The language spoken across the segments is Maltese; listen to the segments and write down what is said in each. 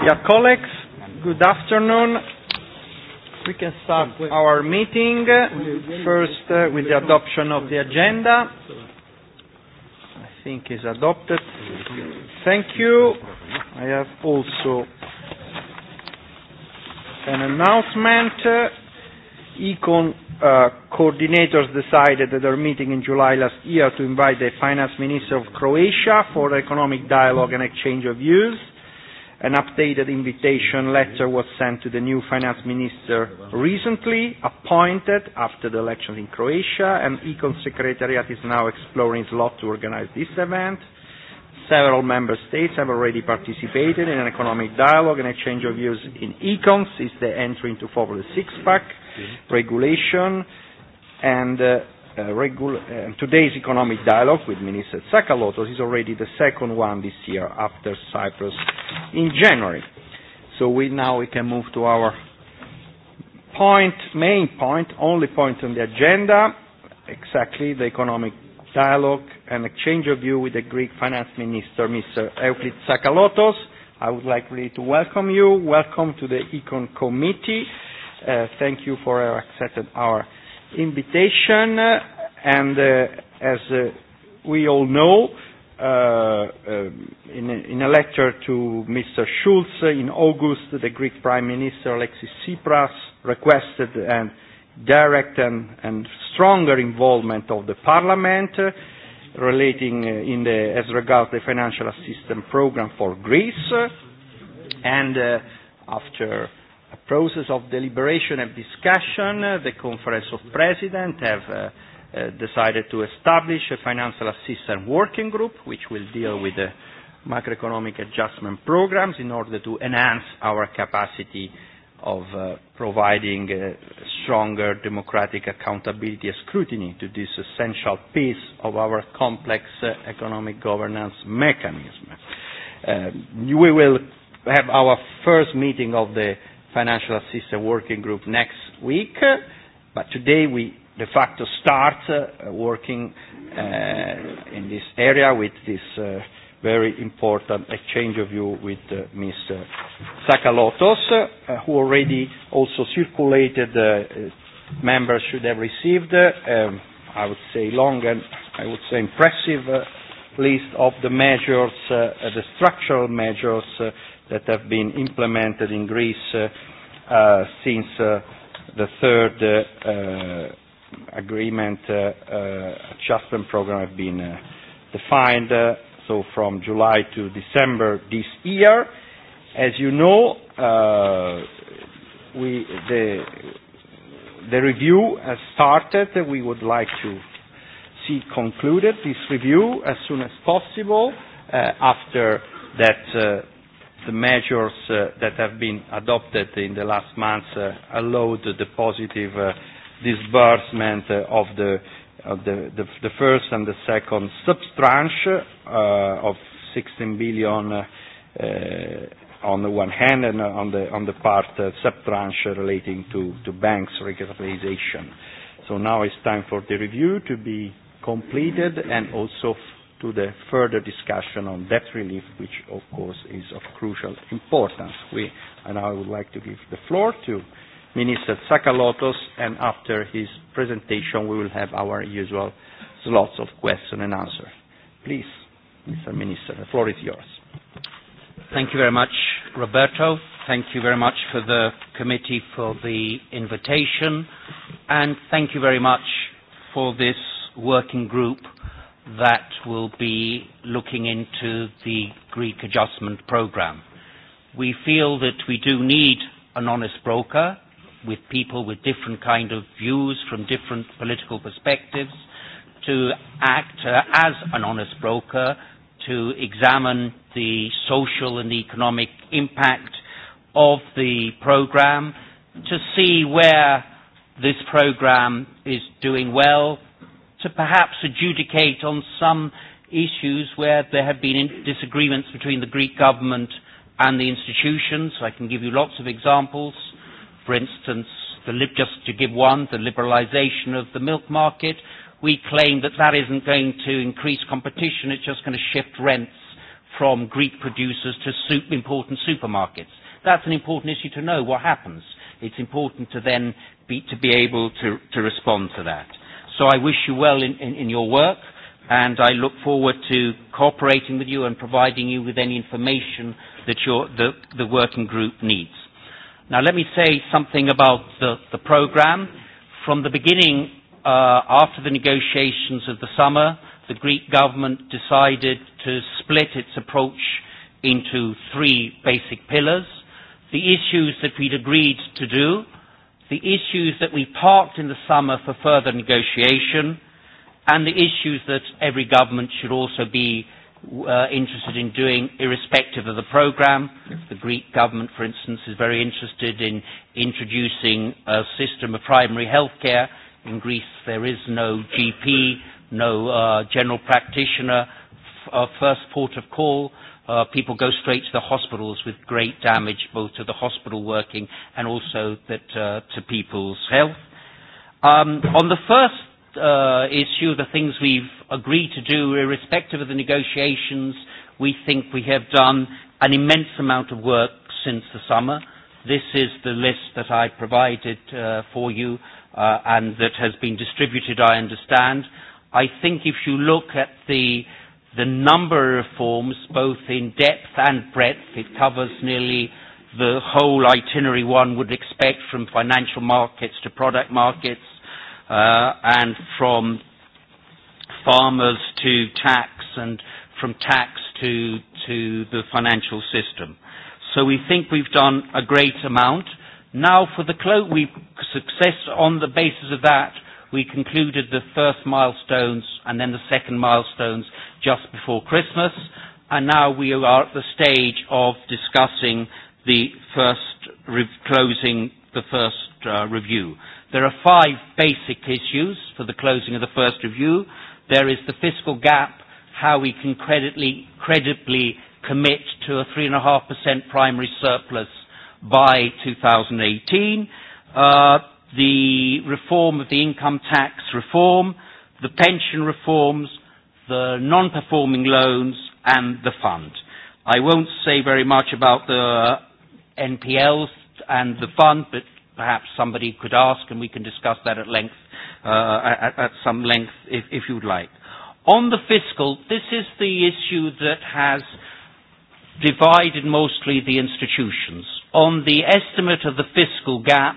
dear colleagues, good afternoon. We can start our meeting first uh, with the adoption of the agenda. I think is adopted. Thank you. I have also an announcement. Uh, Econ uh, coordinators decided at their meeting in July last year to invite the finance minister of Croatia for economic dialogue and exchange of views. An updated invitation letter was sent to the new finance minister recently, appointed after the elections in Croatia, and Econ Secretariat is now exploring slot to organize this event. Several member states have already participated in an economic dialogue and exchange of views in Econ since the entry into Forward six-pack mm-hmm. regulation, and uh, uh, regul uh, today's economic dialogue with Minister Tsakalotos is already the second one this year after Cyprus in January. So we now we can move to our point, main point, only point on the agenda, exactly the economic dialogue and exchange of view with the Greek finance minister, Mr. Euclid Tsakalotos. I would like really to welcome you. Welcome to the Econ Committee. Uh, thank you for accepting our invitation and uh, as uh, we all know, uh, uh, in, a, in a letter to Mr. Schulz uh, in August, the Greek Prime Minister Alexis Tsipras requested a direct and, and stronger involvement of the Parliament uh, relating uh, in the, as regards the financial assistance program for Greece. Uh, and uh, after process of deliberation and discussion, uh, the Conference of Presidents have uh, uh, decided to establish a financial assistance working group which will deal with the macroeconomic adjustment programs in order to enhance our capacity of uh, providing uh, stronger democratic accountability and scrutiny to this essential piece of our complex uh, economic governance mechanism. Uh, we will have our first meeting of the Financial Assistance Working Group next week. But today we de facto start uh, working uh, in this area with this uh, very important exchange of view with uh, Ms. Uh, Sakalotos, uh, who already also circulated, uh, uh members should have received, uh, um, I would say long and I would say impressive uh, list of the measures, uh, the structural measures uh, that have been implemented in Greece uh, uh, since uh, the third uh, uh, agreement uh, uh, adjustment program have been uh, defined, uh, so from July to December this year. As you know, uh, we, the, the review has started. We would like to see concluded this review as soon as possible uh, after that uh, the measures uh, that have been adopted in the last months uh, allowed the positive uh, disbursement uh, of the of the, the, the first and the second substranche uh, of 16 billion uh, uh, on the one hand and on the, on the part uh, subtranche relating to, to banks recapitalization. So now it's time for the review to be completed and also to the further discussion on debt relief, which of course is of crucial importance. We, and I would like to give the floor to Minister Sakalotos, and after his presentation we will have our usual slots of question and answer. Please, Mr. Minister, the floor is yours. Thank you very much, Roberto. Thank you very much for the committee for the invitation, and thank you very much for this working group that will be looking into the Greek adjustment programme. We feel that we do need an honest broker with people with different kind of views from different political perspectives to act uh, as an honest broker to examine the social and economic impact of the programme to see where this programme is doing well to perhaps adjudicate on some issues where there have been disagreements between the Greek government and the institutions. I can give you lots of examples. For instance, the lib just to give one, the liberalisation of the milk market. We claim that that isn't going to increase competition, it's just going to shift rents from Greek producers to soup, important supermarkets. That's an important issue to know what happens. It's important to then be, to be able to, to respond to that. So I wish you well in, in, in your work, and I look forward to cooperating with you and providing you with any information that your, the, the working group needs. Now let me say something about the, the program. From the beginning, uh, after the negotiations of the summer, the Greek government decided to split its approach into three basic pillars. The issues that we'd agreed to do the issues that we parked in the summer for further negotiation, and the issues that every government should also be uh, interested in doing irrespective of the program. The Greek government, for instance, is very interested in introducing a system of primary health care. In Greece, there is no GP, no uh, general practitioner, our first port of call. Uh, people go straight to the hospitals with great damage both to the hospital working and also that, uh, to people's health. Um, on the first uh, issue, the things we've agreed to do, irrespective of the negotiations, we think we have done an immense amount of work since the summer. This is the list that I provided uh, for you uh, and that has been distributed, I understand. I think if you look at the uh, the number of reforms, both in depth and breadth. It covers nearly the whole itinerary one would expect from financial markets to product markets uh, and from farmers to tax and from tax to, to the financial system. So we think we've done a great amount. Now for the close, we success on the basis of that we concluded the first milestones and then the second milestones just before Christmas, and now we are at the stage of discussing the first, re closing the first uh, review. There are five basic issues for the closing of the first review. There is the fiscal gap, how we can credibly, credibly commit to a 3.5% primary surplus by 2018. Uh, the reform of the income tax reform, the pension reforms, the non-performing loans and the fund. I won't say very much about the NPLs and the fund, but perhaps somebody could ask and we can discuss that at length, uh, at, at some length if, if you'd like. On the fiscal, this is the issue that has divided mostly the institutions. On the estimate of the fiscal gap,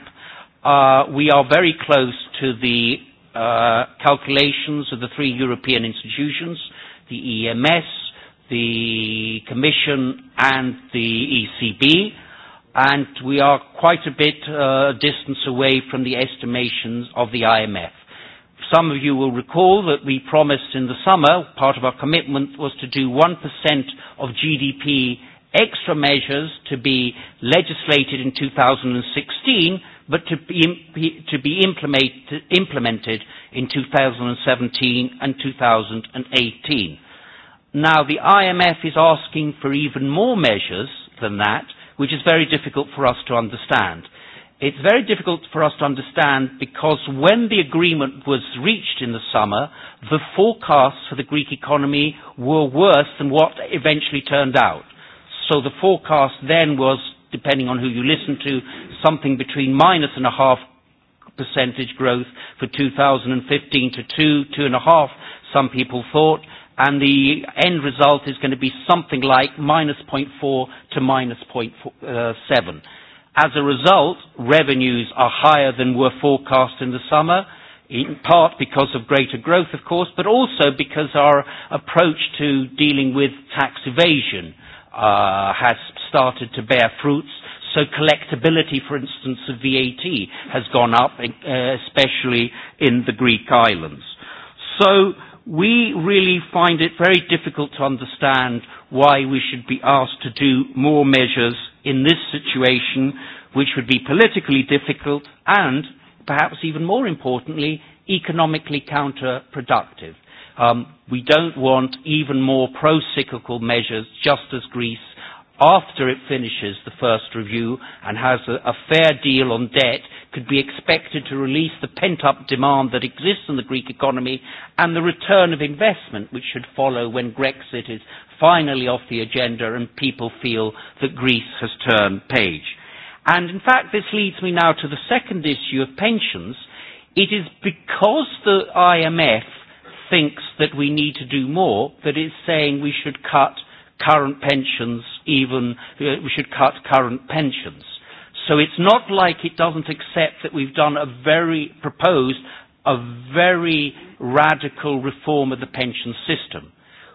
Uh, we are very close to the uh, calculations of the three European institutions, the EMS, the Commission and the ECB, and we are quite a bit uh, distance away from the estimations of the IMF. Some of you will recall that we promised in the summer, part of our commitment was to do 1% of GDP extra measures to be legislated in 2016, but to be, to be implement, implemented in 2017 and 2018. Now, the IMF is asking for even more measures than that, which is very difficult for us to understand. It's very difficult for us to understand because when the agreement was reached in the summer, the forecasts for the Greek economy were worse than what eventually turned out. So the forecast then was depending on who you listen to, something between minus and a half percentage growth for 2015 to two, two and a half, some people thought, and the end result is going to be something like minus 0.4 to minus 0.7. Uh, As a result, revenues are higher than were forecast in the summer, in part because of greater growth, of course, but also because our approach to dealing with tax evasion uh, has started to bear fruits. So collectability, for instance, of VAT has gone up, uh, especially in the Greek islands. So we really find it very difficult to understand why we should be asked to do more measures in this situation, which would be politically difficult and, perhaps even more importantly, economically counterproductive. Um, we don't want even more pro-cyclical measures, just as Greece, after it finishes the first review and has a, a fair deal on debt, could be expected to release the pent-up demand that exists in the Greek economy and the return of investment which should follow when Brexit is finally off the agenda and people feel that Greece has turned page. And in fact, this leads me now to the second issue of pensions. It is because the IMF thinks that we need to do more, that it's saying we should cut current pensions even, uh, we should cut current pensions. So it's not like it doesn't accept that we've done a very, proposed a very radical reform of the pension system.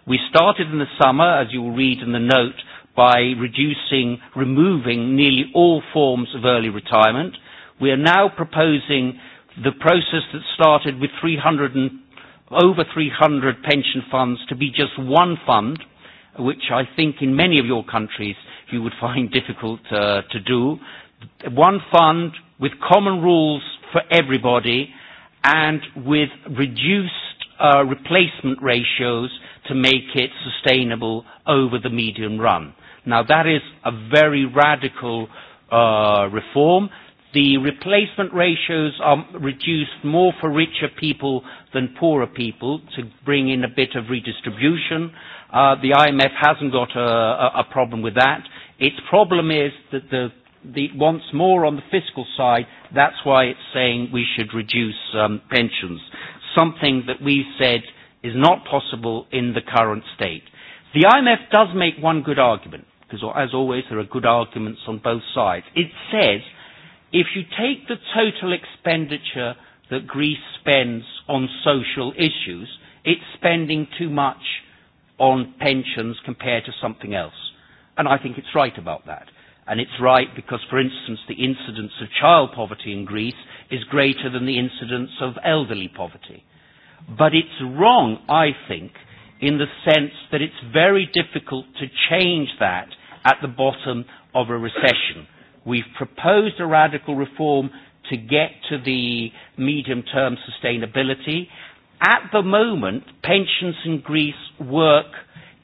We started in the summer, as you will read in the note, by reducing, removing nearly all forms of early retirement. We are now proposing the process that started with 300 and over 300 pension funds to be just one fund, which I think in many of your countries you would find difficult uh, to do. One fund with common rules for everybody and with reduced uh, replacement ratios to make it sustainable over the medium run. Now that is a very radical uh, reform. The replacement ratios are reduced more for richer people than poorer people to bring in a bit of redistribution. Uh, the IMF hasn't got a, a problem with that. Its problem is that the, the, wants more on the fiscal side, that's why it's saying we should reduce um, pensions, something that we said is not possible in the current state. The IMF does make one good argument, because as always there are good arguments on both sides. It says If you take the total expenditure that Greece spends on social issues, it's spending too much on pensions compared to something else. And I think it's right about that. And it's right because, for instance, the incidence of child poverty in Greece is greater than the incidence of elderly poverty. But it's wrong, I think, in the sense that it's very difficult to change that at the bottom of a recession We've proposed a radical reform to get to the medium-term sustainability. At the moment, pensions in Greece work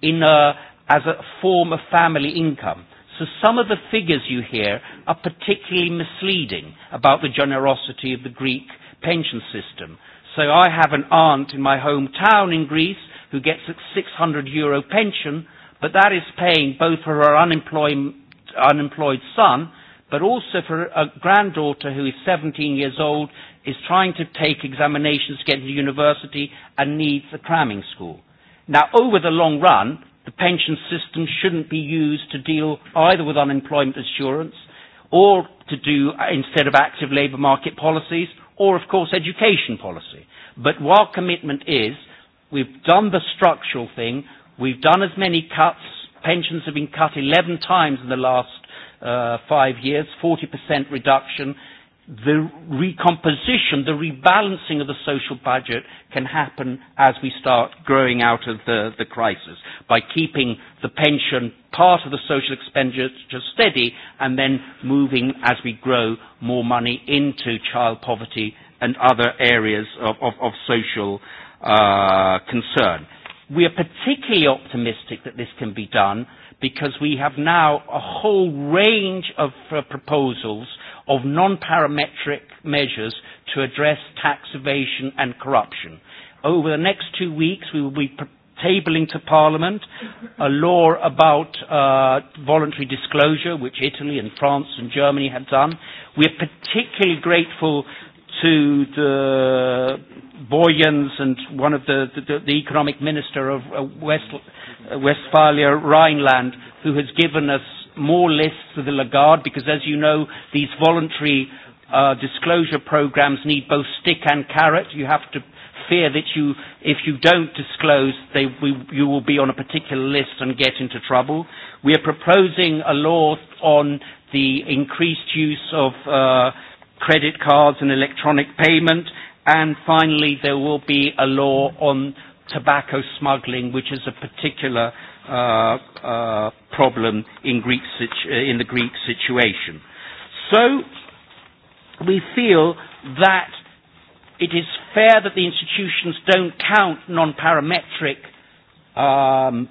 in a, as a form of family income. So some of the figures you hear are particularly misleading about the generosity of the Greek pension system. So I have an aunt in my hometown in Greece who gets a 600 euro pension, but that is paying both for her unemployed, unemployed son but also for a granddaughter who is 17 years old, is trying to take examinations to get into university and needs a cramming school. Now, over the long run, the pension system shouldn't be used to deal either with unemployment assurance or to do, uh, instead of active labour market policies, or, of course, education policy. But while commitment is, we've done the structural thing, we've done as many cuts, pensions have been cut 11 times in the last uh, five years, 40% reduction. The recomposition, the rebalancing of the social budget can happen as we start growing out of the, the crisis by keeping the pension part of the social expenditure steady and then moving as we grow more money into child poverty and other areas of, of, of social uh, concern. We are particularly optimistic that this can be done because we have now a whole range of uh, proposals of non-parametric measures to address tax evasion and corruption. Over the next two weeks, we will be tabling to Parliament a law about uh, voluntary disclosure, which Italy and France and Germany have done. We are particularly grateful to the Boyens and one of the, the, the economic minister of uh, West, uh, Westphalia, Rhineland, who has given us more lists of the Lagarde because, as you know, these voluntary uh, disclosure programs need both stick and carrot. You have to fear that you, if you don't disclose, they, we, you will be on a particular list and get into trouble. We are proposing a law on the increased use of uh, credit cards and electronic payment. And finally, there will be a law on tobacco smuggling, which is a particular uh, uh, problem in, Greek situ- uh, in the Greek situation. So we feel that it is fair that the institutions don't count non-parametric um,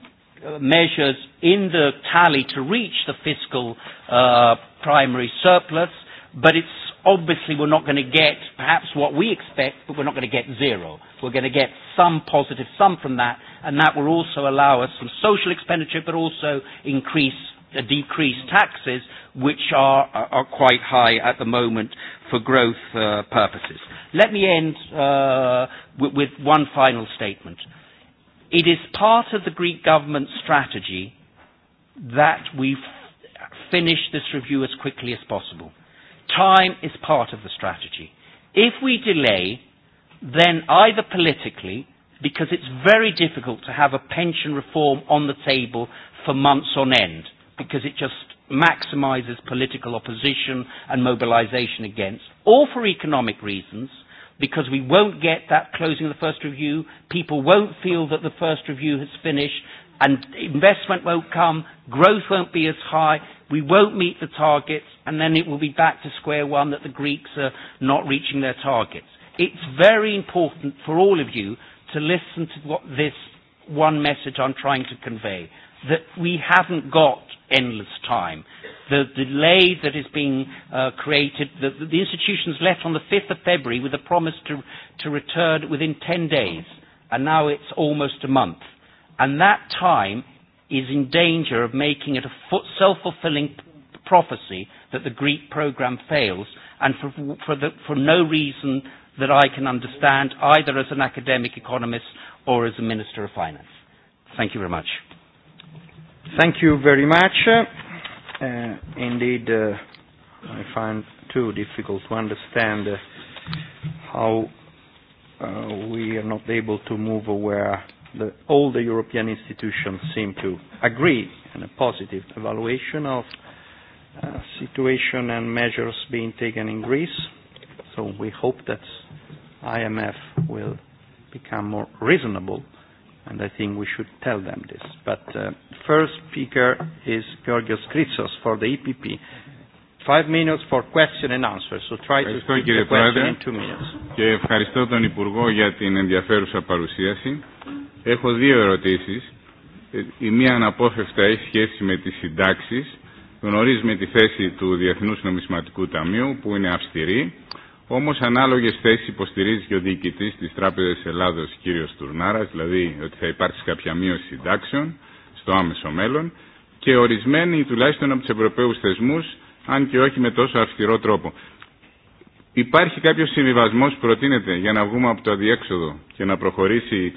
measures in the tally to reach the fiscal uh, primary surplus, but it's obviously we're not going to get perhaps what we expect, but we're not going to get zero. We're going to get some positive sum from that, and that will also allow us some social expenditure, but also increase uh, decrease taxes, which are, are quite high at the moment for growth uh, purposes. Let me end uh, with, with one final statement. It is part of the Greek government's strategy that we finish this review as quickly as possible Time is part of the strategy. If we delay, then either politically, because it's very difficult to have a pension reform on the table for months on end, because it just maximizes political opposition and mobilization against, or for economic reasons, because we won't get that closing of the first review. People won't feel that the first review has finished and investment won't come, growth won't be as high, we won't meet the targets, and then it will be back to square one that the Greeks are not reaching their targets. It's very important for all of you to listen to what this one message I'm trying to convey, that we haven't got endless time. The delay that is being uh, created, the, the institutions left on the 5th of February with a promise to, to return within 10 days, and now it's almost a month And that time is in danger of making it a self-fulfilling prophecy that the Greek program fails, and for, for, the, for no reason that I can understand, either as an academic economist or as a Minister of Finance. Thank you very much. Thank you very much. Uh, indeed, uh, I find too difficult to understand uh, how uh, we are not able to move where the, all the European institutions seem to agree on a positive evaluation of uh, situation and measures being taken in Greece. So we hope that IMF will become more reasonable, and I think we should tell them this. But uh, first speaker is Georgios Kritsos for the EPP. Five minutes for question and answer, so try to keep the question in two minutes. Και ευχαριστώ τον Υπουργό για την ενδιαφέρουσα παρουσίαση. Έχω δύο ερωτήσεις. Η μία αναπόφευκτα έχει σχέση με τις συντάξεις. Γνωρίζουμε τη θέση του Διεθνούς Νομισματικού Ταμείου που είναι αυστηρή. Όμως ανάλογες θέσεις υποστηρίζει και ο διοικητής της Τράπεζας Ελλάδος κ. Τουρνάρας, δηλαδή ότι θα υπάρξει κάποια μείωση συντάξεων στο άμεσο μέλλον και ορισμένοι τουλάχιστον από τους Ευρωπαίους θεσμούς, αν και όχι με τόσο αυστηρό τρόπο. Υπάρχει κάποιος συμβιβασμός που προτείνεται για να βγούμε από το αδιέξοδο και να προχωρήσει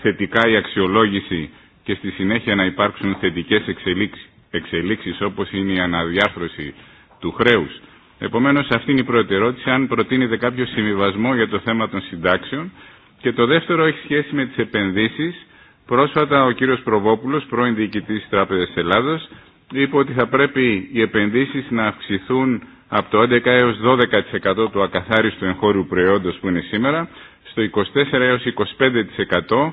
θετικά η αξιολόγηση και στη συνέχεια να υπάρξουν θετικές εξελίξεις, εξελίξεις όπως είναι η αναδιάρθρωση του χρέους. Επομένως αυτή είναι η πρώτη ερώτηση, αν προτείνεται κάποιο συμβιβασμό για το θέμα των συντάξεων και το δεύτερο έχει σχέση με τις επενδύσεις. Πρόσφατα ο κύριος Προβόπουλος, πρώην διοικητής της Τράπεζας Ελλάδος, είπε ότι θα πρέπει οι επενδύσεις να αυξηθούν από το 11 έως 12% του ακαθάριστου εγχώριου προϊόντος που είναι σήμερα στο 24 έως 25%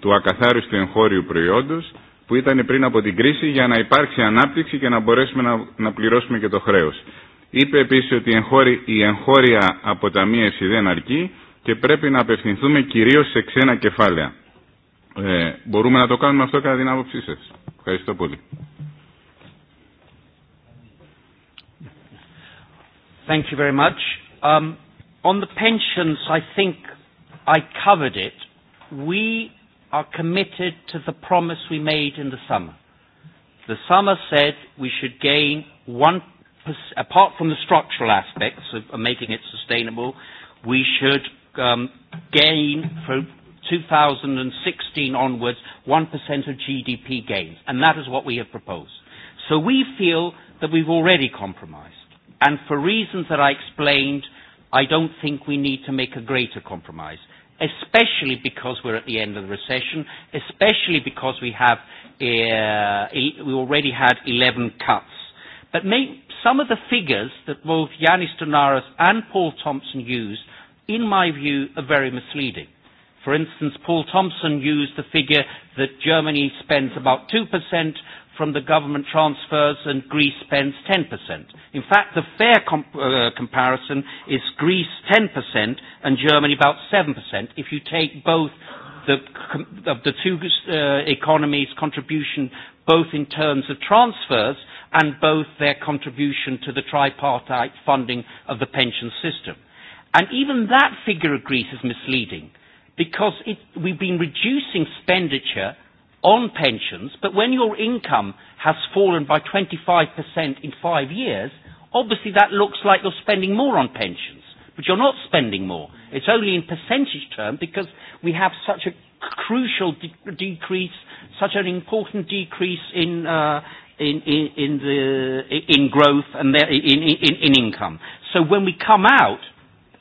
του ακαθάριστου εγχώριου προϊόντος που ήταν πριν από την κρίση για να υπάρξει ανάπτυξη και να μπορέσουμε να, να πληρώσουμε και το χρέος. Είπε επίσης ότι η, η εγχώρια αποταμίευση δεν αρκεί και πρέπει να απευθυνθούμε κυρίως σε ξένα κεφάλαια. Ε, μπορούμε να το κάνουμε αυτό κατά την άποψή σας. Ευχαριστώ πολύ. Thank you very much. Um, on the pensions, I think I covered it. We are committed to the promise we made in the summer. The summer said we should gain one, apart from the structural aspects of making it sustainable, we should um, gain from 2016 onwards 1% of GDP gains, and that is what we have proposed. So we feel that we've already compromised, and for reasons that I explained, I don't think we need to make a greater compromise especially because we're at the end of the recession, especially because we have uh, we already had 11 cuts. But may, some of the figures that both Yanis Donaris and Paul Thompson used, in my view, are very misleading. For instance, Paul Thompson used the figure that Germany spends about 2% from the government transfers and Greece spends 10%. In fact, the fair comp uh, comparison is Greece 10% and Germany about 7% if you take both the, of the two uh, economies' contribution both in terms of transfers and both their contribution to the tripartite funding of the pension system. And even that figure of Greece is misleading because it, we've been reducing expenditure – on pensions, but when your income has fallen by 25% in five years, obviously that looks like you're spending more on pensions, but you're not spending more. It's only in percentage term because we have such a crucial de- decrease, such an important decrease in, uh, in, in, in, the, in growth and there, in, in, in income. So when we come out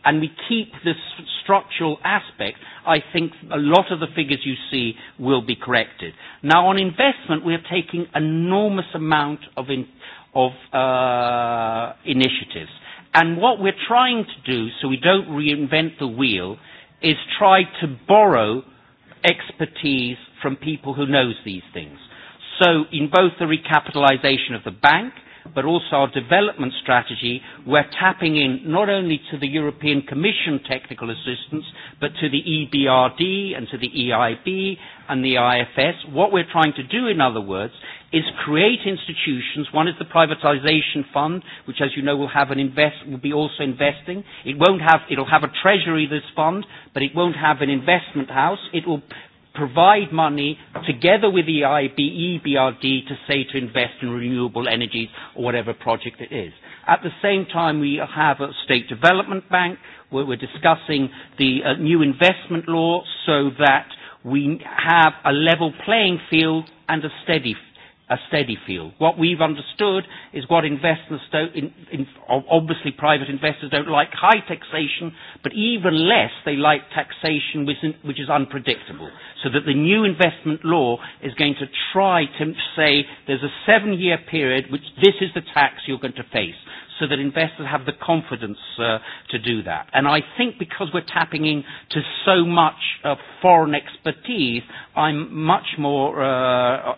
and we keep this structural aspect, I think a lot of the figures you see will be corrected. Now, on investment, we are taking enormous amount of, in, of uh, initiatives. And what we're trying to do, so we don't reinvent the wheel, is try to borrow expertise from people who knows these things. So in both the recapitalization of the bank – but also our development strategy, we're tapping in not only to the European Commission technical assistance, but to the EBRD and to the EIB and the IFS. What we're trying to do, in other words, is create institutions. One is the privatization fund, which, as you know, will have an invest, will be also investing. It won't have, it'll have a treasury, this fund, but it won't have an investment house. It will provide money together with the EIB, EBRD to say to invest in renewable energies or whatever project it is. At the same time, we have a state development bank where we're discussing the uh, new investment law so that we have a level playing field and a steady a steady field. What we've understood is what investors don't, in, in, obviously private investors don't like high taxation, but even less they like taxation which, in, which is unpredictable. So that the new investment law is going to try to say there's a seven year period which this is the tax you're going to face so that investors have the confidence uh, to do that. And I think because we're tapping into so much uh, foreign expertise, I'm much more uh,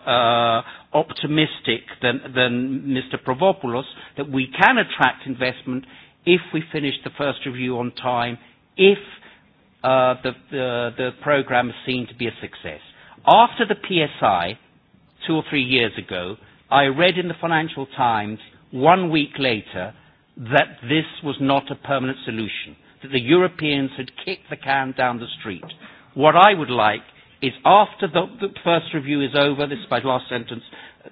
uh, optimistic than, than Mr. Provopoulos that we can attract investment if we finish the first review on time, if uh, the, the, the program is seen to be a success. After the PSI, two or three years ago, I read in the Financial Times one week later that this was not a permanent solution, that the Europeans had kicked the can down the street. What I would like is after the, the first review is over, this is my last sentence,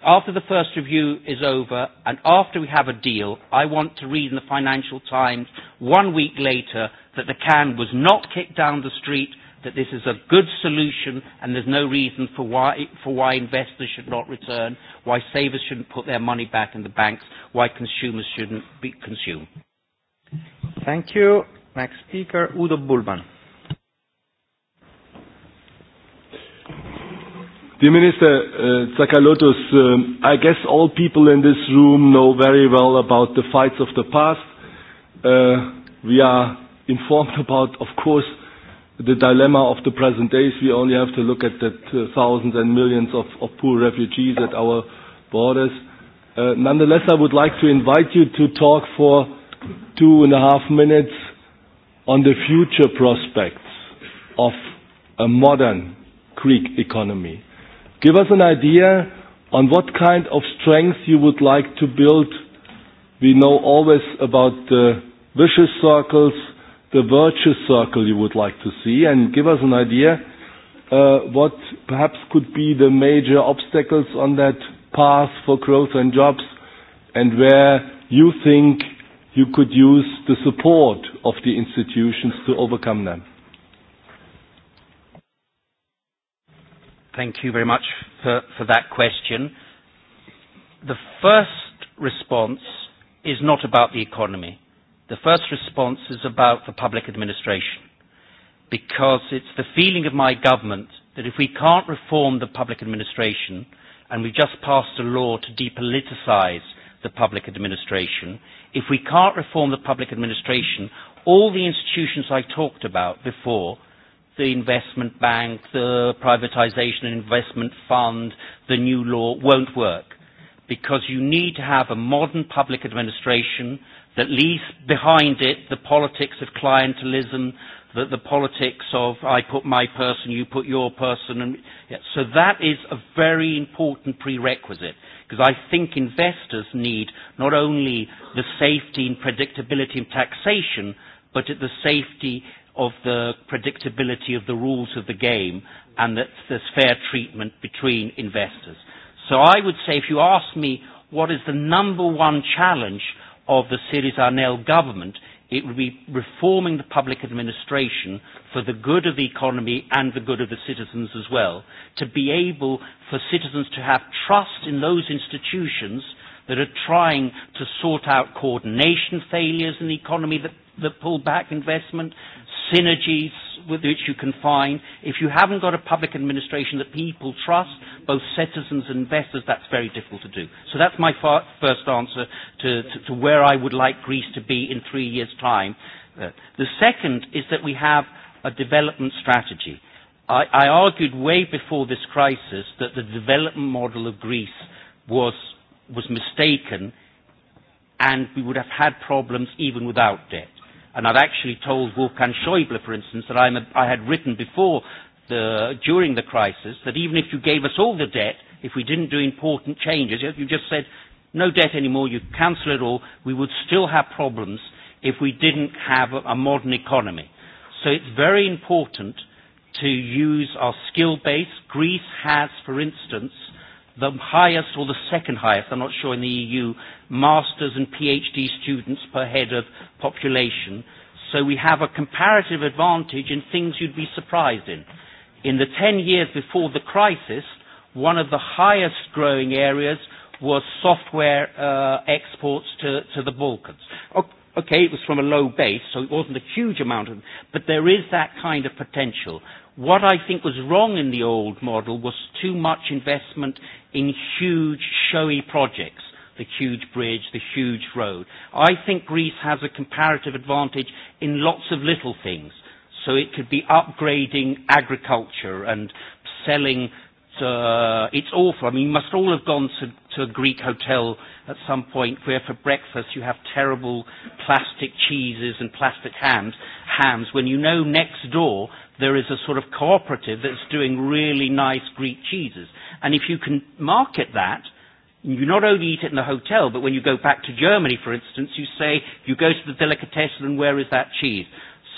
after the first review is over and after we have a deal, I want to read in the Financial Times one week later that the can was not kicked down the street, that this is a good solution and there's no reason for why, for why investors should not return, why savers shouldn't put their money back in the banks, why consumers shouldn't be consumed. Thank you. Next speaker, Udo Bulban. Dear Minister uh, Zakalotus, um, I guess all people in this room know very well about the fights of the past. Uh, we are informed about, of course, the dilemma of the present days. We only have to look at the uh, thousands and millions of, of poor refugees at our borders. Uh, nonetheless, I would like to invite you to talk for two and a half minutes on the future prospects of a modern Greek economy. Give us an idea on what kind of strength you would like to build. We know always about the vicious circles, the virtuous circle you would like to see, and give us an idea uh, what perhaps could be the major obstacles on that path for growth and jobs, and where you think you could use the support of the institutions to overcome them. Thank you very much for, for that question. The first response is not about the economy. The first response is about the public administration because it's the feeling of my government that if we can't reform the public administration and we've just passed a law to depoliticize the public administration, if we can't reform the public administration, all the institutions I talked about before – the investment bank, the privatization and investment fund, the new law won't work because you need to have a modern public administration that leaves behind it the politics of clientelism, the, the politics of I put my person, you put your person. And, yeah. So that is a very important prerequisite because I think investors need not only the safety and predictability of taxation, but the safety of the predictability of the rules of the game and that there's fair treatment between investors. So I would say if you ask me what is the number one challenge of the Syriza Arnell government, it would be reforming the public administration for the good of the economy and the good of the citizens as well, to be able for citizens to have trust in those institutions that are trying to sort out coordination failures in the economy that, that pull back investment, synergies with which you can find. If you haven't got a public administration that people trust, both citizens and investors, that's very difficult to do. So that's my first answer to, to, to where I would like Greece to be in three years' time. Uh, the second is that we have a development strategy. I, I argued way before this crisis that the development model of Greece was, was mistaken and we would have had problems even without debt. And I've actually told Wolfgang Schäuble, for instance, that I'm a, I had written before the, during the crisis that even if you gave us all the debt, if we didn't do important changes, if you just said no debt anymore, you cancel it all, we would still have problems if we didn't have a, a modern economy. So it's very important to use our skill base. Greece has, for instance, the highest or the second highest, I'm not sure in the EU, masters and PhD students per head of population. So we have a comparative advantage in things you'd be surprised in. In the 10 years before the crisis, one of the highest growing areas was software uh, exports to, to the Balkans. Okay, it was from a low base, so it wasn't a huge amount, of, but there is that kind of potential. What I think was wrong in the old model was too much investment in huge, showy projects the huge bridge, the huge road. I think Greece has a comparative advantage in lots of little things. So it could be upgrading agriculture and selling uh, it's awful. I mean, you must all have gone to, to a Greek hotel at some point where for breakfast you have terrible plastic cheeses and plastic hams, hams when you know next door there is a sort of cooperative that's doing really nice Greek cheeses. And if you can market that, you not only eat it in the hotel, but when you go back to Germany, for instance, you say, you go to the delicatessen and where is that cheese?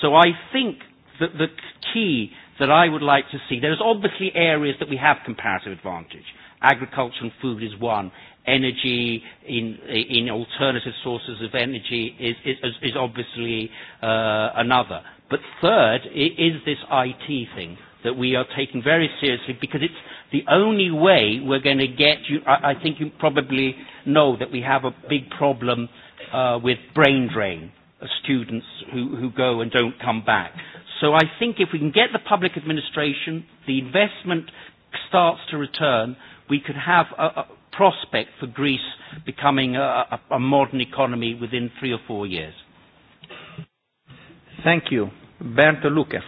So I think that the key that I would like to see. There's obviously areas that we have comparative advantage. Agriculture and food is one. Energy in, in alternative sources of energy is, is, is obviously uh, another. But third is this IT thing that we are taking very seriously because it's the only way we're going to get you. I, I think you probably know that we have a big problem uh, with brain drain students who, who go and don't come back. So I think if we can get the public administration, the investment starts to return, we could have a, a prospect for Greece becoming a, a, a modern economy within three or four years. Thank you. Bernd Luca.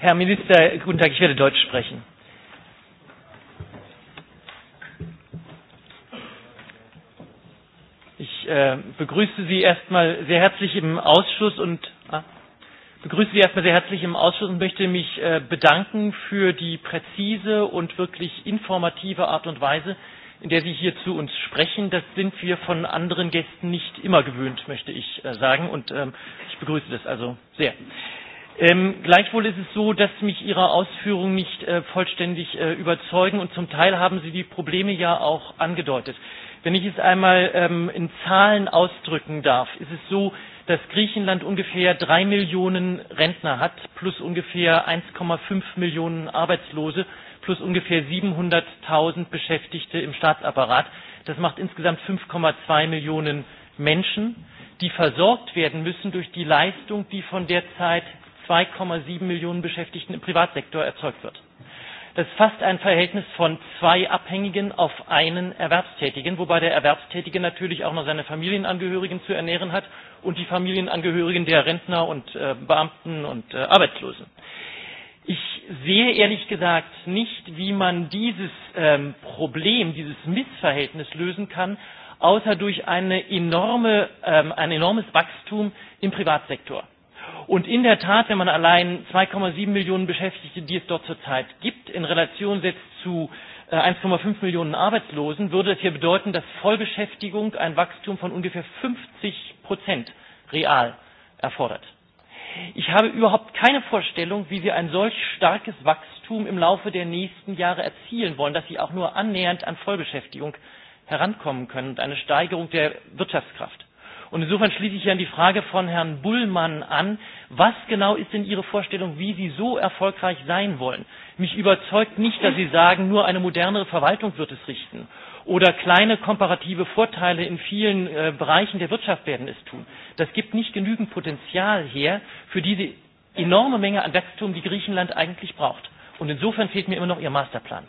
Herr Minister, guten Tag, ich werde Deutsch sprechen. Ich äh, begrüße Sie erstmal sehr herzlich im Ausschuss und ah, begrüße Sie erstmal sehr herzlich im Ausschuss und möchte mich äh, bedanken für die präzise und wirklich informative Art und Weise, in der Sie hier zu uns sprechen. Das sind wir von anderen Gästen nicht immer gewöhnt, möchte ich äh, sagen. Und äh, ich begrüße das also sehr. Ähm, gleichwohl ist es so, dass mich Ihre Ausführungen nicht äh, vollständig äh, überzeugen und zum Teil haben Sie die Probleme ja auch angedeutet. Wenn ich es einmal ähm, in Zahlen ausdrücken darf, ist es so, dass Griechenland ungefähr drei Millionen Rentner hat, plus ungefähr 1,5 Millionen Arbeitslose, plus ungefähr 700.000 Beschäftigte im Staatsapparat. Das macht insgesamt 5,2 Millionen Menschen, die versorgt werden müssen durch die Leistung, die von derzeit 2,7 Millionen Beschäftigten im Privatsektor erzeugt wird. Das ist fast ein Verhältnis von zwei Abhängigen auf einen Erwerbstätigen, wobei der Erwerbstätige natürlich auch noch seine Familienangehörigen zu ernähren hat und die Familienangehörigen der Rentner und äh, Beamten und äh, Arbeitslosen. Ich sehe ehrlich gesagt nicht, wie man dieses ähm, Problem, dieses Missverhältnis lösen kann, außer durch eine enorme, ähm, ein enormes Wachstum im Privatsektor. Und in der Tat, wenn man allein 2,7 Millionen Beschäftigte, die es dort zurzeit gibt, in Relation setzt zu 1,5 äh, Millionen Arbeitslosen, würde es hier bedeuten, dass Vollbeschäftigung ein Wachstum von ungefähr 50 Prozent real erfordert. Ich habe überhaupt keine Vorstellung, wie Sie ein solch starkes Wachstum im Laufe der nächsten Jahre erzielen wollen, dass Sie auch nur annähernd an Vollbeschäftigung herankommen können und eine Steigerung der Wirtschaftskraft. Und insofern schließe ich an die Frage von Herrn Bullmann an, was genau ist denn Ihre Vorstellung, wie Sie so erfolgreich sein wollen? Mich überzeugt nicht, dass Sie sagen, nur eine modernere Verwaltung wird es richten oder kleine komparative Vorteile in vielen äh, Bereichen der Wirtschaft werden es tun. Das gibt nicht genügend Potenzial her für diese enorme Menge an Wachstum, die Griechenland eigentlich braucht. Und insofern fehlt mir immer noch Ihr Masterplan.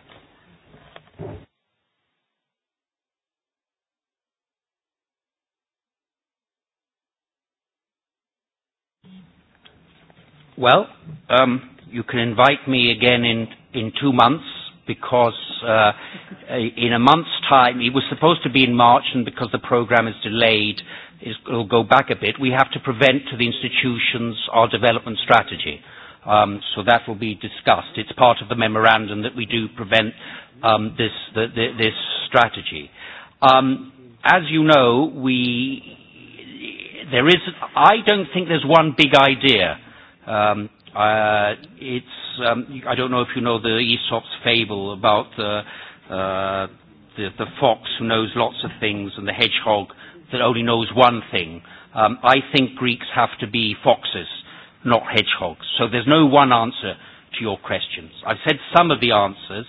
Well, um, you can invite me again in, in two months because uh, in a month's time, it was supposed to be in March, and because the program is delayed, it will go back a bit. We have to prevent to the institutions our development strategy. Um, so that will be discussed. It's part of the memorandum that we do prevent um, this, the, the, this strategy. Um, as you know, we, there is, I don't think there's one big idea Um, uh, it's, um, I don't know if you know the Aesop's fable about uh, uh, the, the fox who knows lots of things and the hedgehog that only knows one thing. Um, I think Greeks have to be foxes, not hedgehogs. So there's no one answer to your questions. I've said some of the answers.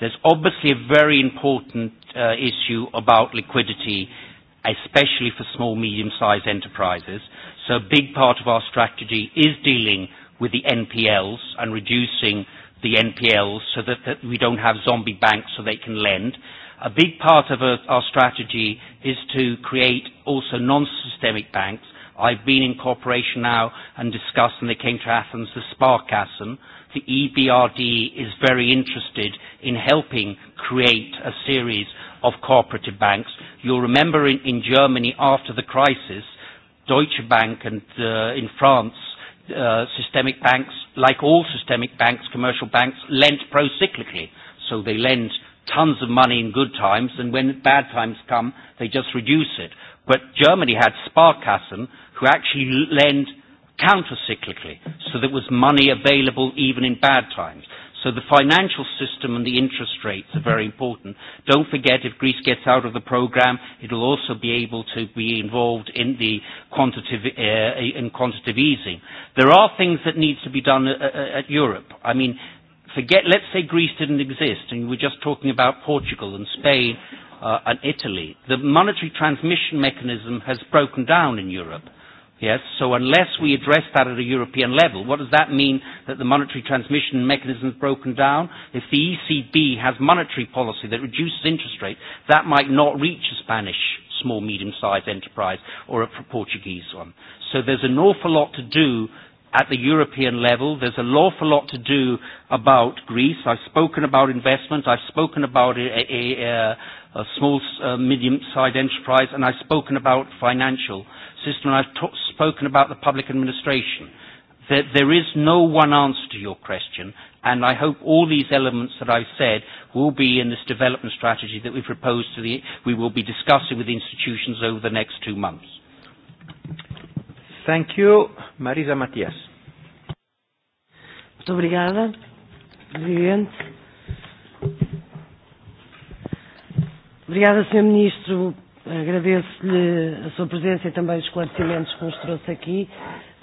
There's obviously a very important uh, issue about liquidity especially for small, medium-sized enterprises. So a big part of our strategy is dealing with the NPLs and reducing the NPLs so that, that we don't have zombie banks so they can lend. A big part of our, our strategy is to create also non-systemic banks. I've been in cooperation now and discussed, and they came to Athens, the Sparkassen. The EBRD is very interested in helping create a series of cooperative banks. You'll remember in, in Germany after the crisis, Deutsche Bank and uh, in France, uh, systemic banks, like all systemic banks, commercial banks, lent pro-cyclically. So they lend tons of money in good times, and when bad times come, they just reduce it. But Germany had Sparkassen, who actually lend counter-cyclically, so there was money available even in bad times. So the financial system and the interest rates are very important. Don't forget, if Greece gets out of the program, it'll also be able to be involved in the quantitative, uh, in quantitative easing. There are things that need to be done at, uh, uh, at Europe. I mean, forget, let's say Greece didn't exist, and were just talking about Portugal and Spain uh, and Italy. The monetary transmission mechanism has broken down in Europe. Yes, so unless we address that at a European level, what does that mean that the monetary transmission mechanism is broken down? If the ECB has monetary policy that reduces interest rates, that might not reach a Spanish small, medium-sized enterprise or a Portuguese one. So there's an awful lot to do at the European level. There's an awful lot to do about Greece. I've spoken about investment. I've spoken about uh, uh, a small, uh, medium-sized enterprise, and I've spoken about financial system, and I've t- spoken about the public administration. There, there is no one answer to your question, and I hope all these elements that I've said will be in this development strategy that we propose to the, we will be discussing with the institutions over the next two months. Thank you. Marisa Matias. Muito obrigada, Presidente. Obrigada, Sr. Ministro. Agradeço-lhe a sua presença e também os esclarecimentos que nos trouxe aqui.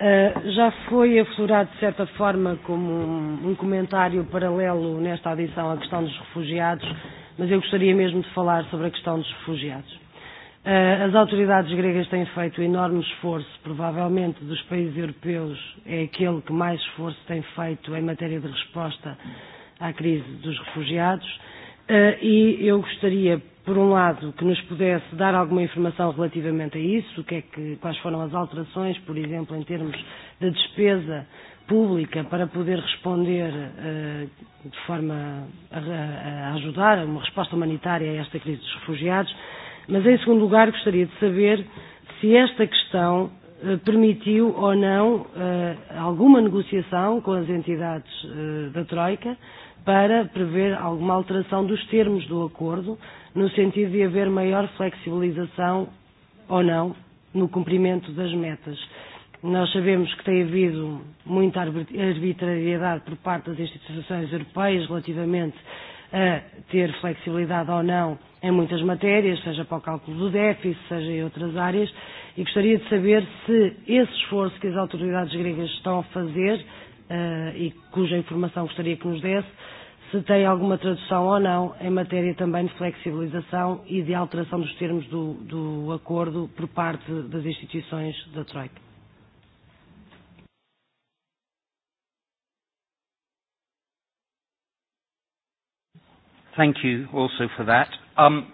Uh, já foi aflorado, de certa forma, como um, um comentário paralelo nesta adição à questão dos refugiados, mas eu gostaria mesmo de falar sobre a questão dos refugiados. Uh, as autoridades gregas têm feito enorme esforço, provavelmente dos países europeus é aquele que mais esforço tem feito em matéria de resposta à crise dos refugiados. Eh, e eu gostaria, por um lado, que nos pudesse dar alguma informação relativamente a isso, o que é que, quais foram as alterações, por exemplo, em termos da despesa pública para poder responder uh, de forma a, a ajudar uma resposta humanitária a esta crise dos refugiados, mas em segundo lugar gostaria de saber se esta questão uh, permitiu ou não uh, alguma negociação com as entidades uh, da Troika para prever alguma alteração dos termos do acordo, no sentido de haver maior flexibilização ou não no cumprimento das metas. Nós sabemos que tem havido muita arbitrariedade por parte das instituições europeias relativamente a ter flexibilidade ou não em muitas matérias, seja para o cálculo do déficit, seja em outras áreas, e gostaria de saber se esse esforço que as autoridades gregas estão a fazer Eh, e cuja informação gostaria que nos desse, se tem alguma tradução ou não em matéria também de flexibilização e de alteração dos termos do, do acordo por parte das instituições da Troika. Thank you also for that. Um,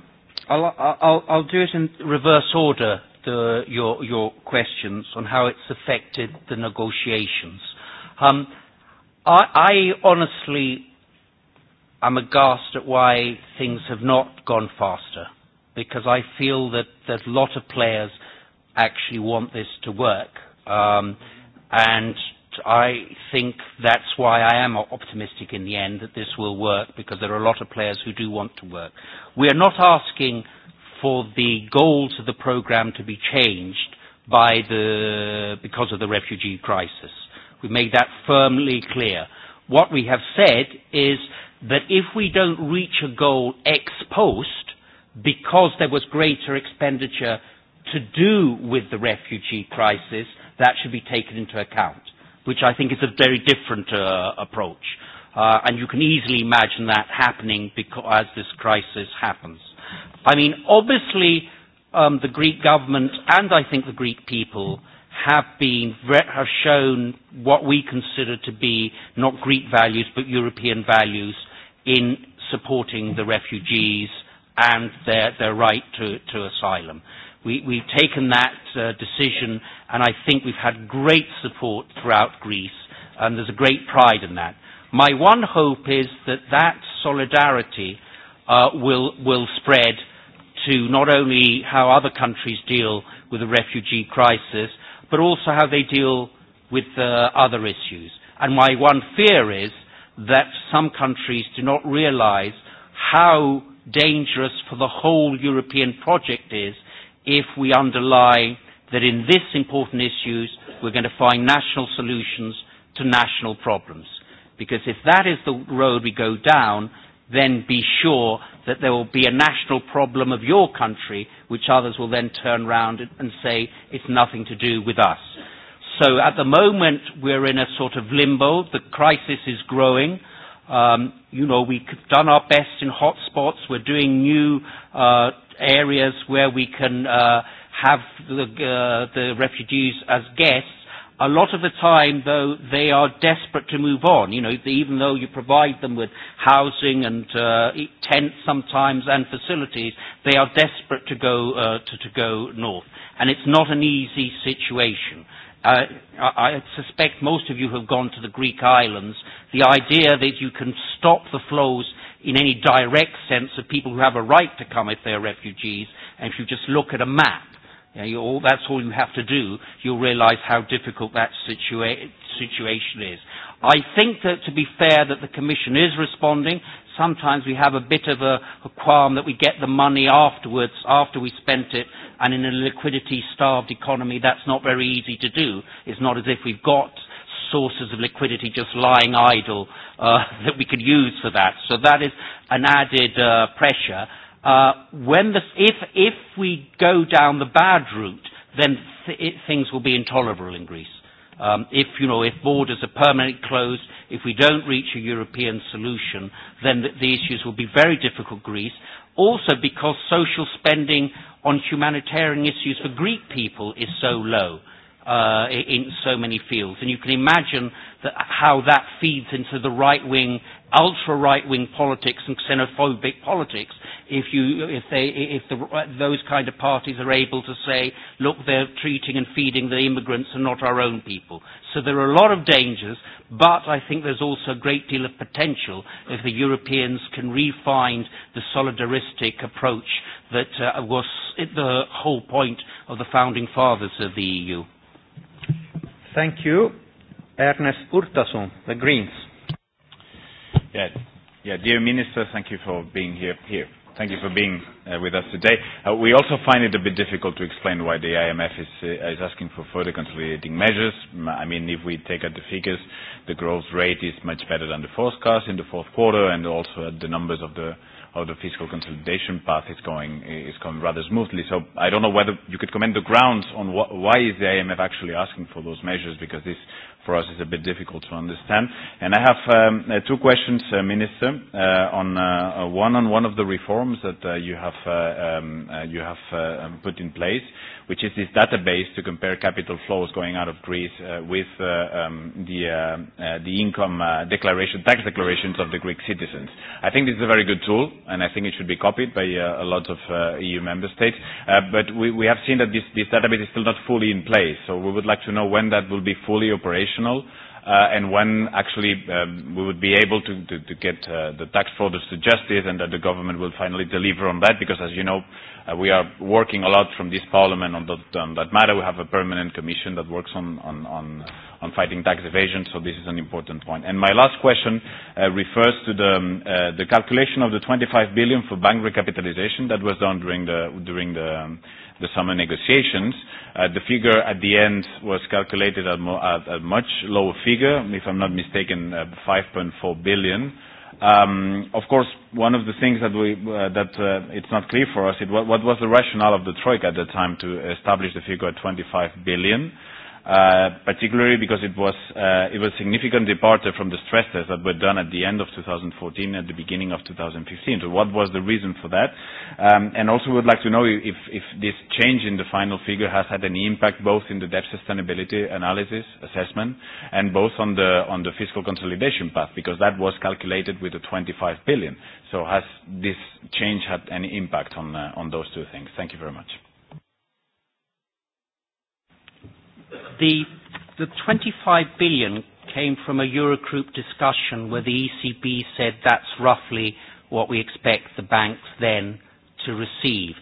I'll, I'll, I'll do it in reverse order, the, your, your questions on how it's affected the negotiations. Um, I, I honestly am aghast at why things have not gone faster because I feel that, that a lot of players actually want this to work. Um, and I think that's why I am optimistic in the end that this will work because there are a lot of players who do want to work. We are not asking for the goals of the program to be changed by the, because of the refugee crisis. We made that firmly clear. What we have said is that if we don't reach a goal ex post, because there was greater expenditure to do with the refugee crisis, that should be taken into account, which I think is a very different uh, approach. Uh, and you can easily imagine that happening because, as this crisis happens. I mean, obviously, um, the Greek government and I think the Greek people have been have shown what we consider to be not Greek values but European values in supporting the refugees and their, their right to, to asylum. We, we've taken that uh, decision and I think we've had great support throughout Greece and there's a great pride in that. My one hope is that that solidarity uh, will, will spread to not only how other countries deal with the refugee crisis, but also how they deal with uh, other issues. And my one fear is that some countries do not realize how dangerous for the whole European project is if we underlie that in this important issues we're going to find national solutions to national problems. Because if that is the road we go down, then be sure that there will be a national problem of your country, which others will then turn around and say it's nothing to do with us. So at the moment, we're in a sort of limbo. The crisis is growing. Um, you know, we've done our best in hot spots. We're doing new uh, areas where we can uh, have the, uh, the refugees as guests a lot of the time, though, they are desperate to move on. You know, even though you provide them with housing and uh, e, tents sometimes and facilities, they are desperate to go uh, to, to go north, and it's not an easy situation. Uh, I, I suspect most of you have gone to the Greek islands. The idea that you can stop the flows in any direct sense of people who have a right to come if they're refugees, and if you just look at a map Yeah, you all, that's all you have to do. You'll realise how difficult that situa situation is. I think that to be fair that the Commission is responding. Sometimes we have a bit of a, a qualm that we get the money afterwards, after we spent it, and in a liquidity-starved economy that's not very easy to do. It's not as if we've got sources of liquidity just lying idle uh, that we could use for that. So that is an added uh, pressure. Uh, when the, if, if we go down the bad route, then th it, things will be intolerable in Greece. Um, if, you know, if borders are permanently closed, if we don't reach a European solution, then the, the issues will be very difficult Greece. Also because social spending on humanitarian issues for Greek people is so low uh, in so many fields. And you can imagine that, how that feeds into the right-wing ultra right wing politics and xenophobic politics if you if they if the, those kind of parties are able to say look they're treating and feeding the immigrants and not our own people so there are a lot of dangers but i think there's also a great deal of potential if the europeans can refine the solidaristic approach that uh, was the whole point of the founding fathers of the eu thank you ernest Urtason, the greens Yeah, yeah, dear Minister, thank you for being here. here. Thank you for being uh, with us today. Uh, we also find it a bit difficult to explain why the IMF is, uh, is asking for further consolidating measures. I mean, if we take out the figures, the growth rate is much better than the forecast in the fourth quarter, and also at the numbers of the how the fiscal consolidation path is going is going rather smoothly. So I don't know whether you could comment the grounds on wh why is the IMF actually asking for those measures because this for us is a bit difficult to understand. And I have um, uh, two questions, uh, Minister, uh, on uh, uh, one on one of the reforms that uh, you have uh, um, uh, you have uh, um put in place, which is this database to compare capital flows going out of Greece uh, with uh, um, the uh, uh, the income uh, declaration tax declarations of the Greek citizens. I think this is a very good tool, and I think it should be copied by uh, a lot of uh, EU member states. Uh, but we, we have seen that this, this database is still not fully in place, so we would like to know when that will be fully operational operational uh, and when actually um, we would be able to, to, to get uh, the tax fraudsters to justice and that the government will finally deliver on that because as you know Uh, we are working a lot from this parliament on that, on that matter. We have a permanent commission that works on, on, on, on fighting tax evasion, so this is an important point. And my last question uh, refers to the, um, uh, the calculation of the 25 billion for bank recapitalization that was done during the, during the, um, the summer negotiations. Uh, the figure at the end was calculated at, mo at a much lower figure, if I'm not mistaken, uh, 5.4 billion Um, of course, one of the things that, we, uh, that uh, it's not clear for us, it what, what was the rationale of the Troika at the time to establish the figure at 25 billion? uh, particularly because it was, uh, it was a significant departure from the stress tests that were done at the end of 2014 and the beginning of 2015. So what was the reason for that? Um, and also would like to know if, if this change in the final figure has had any impact both in the debt sustainability analysis assessment and both on the, on the fiscal consolidation path because that was calculated with the 25 billion. So has this change had any impact on, uh, on those two things? Thank you very much. the, the 25 billion came from a Eurogroup discussion where the ECB said that's roughly what we expect the banks then to receive.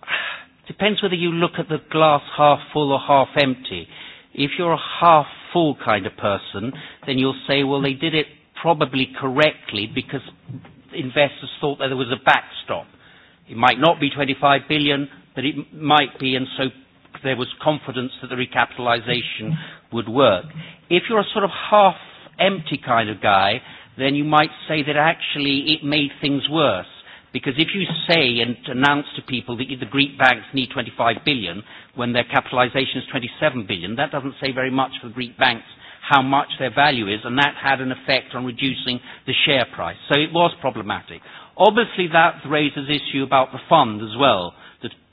Depends whether you look at the glass half full or half empty. If you're a half full kind of person, then you'll say, well, they did it probably correctly because investors thought that there was a backstop. It might not be 25 billion, but it might be, and so there was confidence that the recapitalisation would work. If you're a sort of half empty kind of guy, then you might say that actually it made things worse. Because if you say and announce to people that the Greek banks need 25 billion when their capitalization is 27 billion, that doesn't say very much for the Greek banks how much their value is, and that had an effect on reducing the share price. So it was problematic. Obviously that raises issue about the fund as well,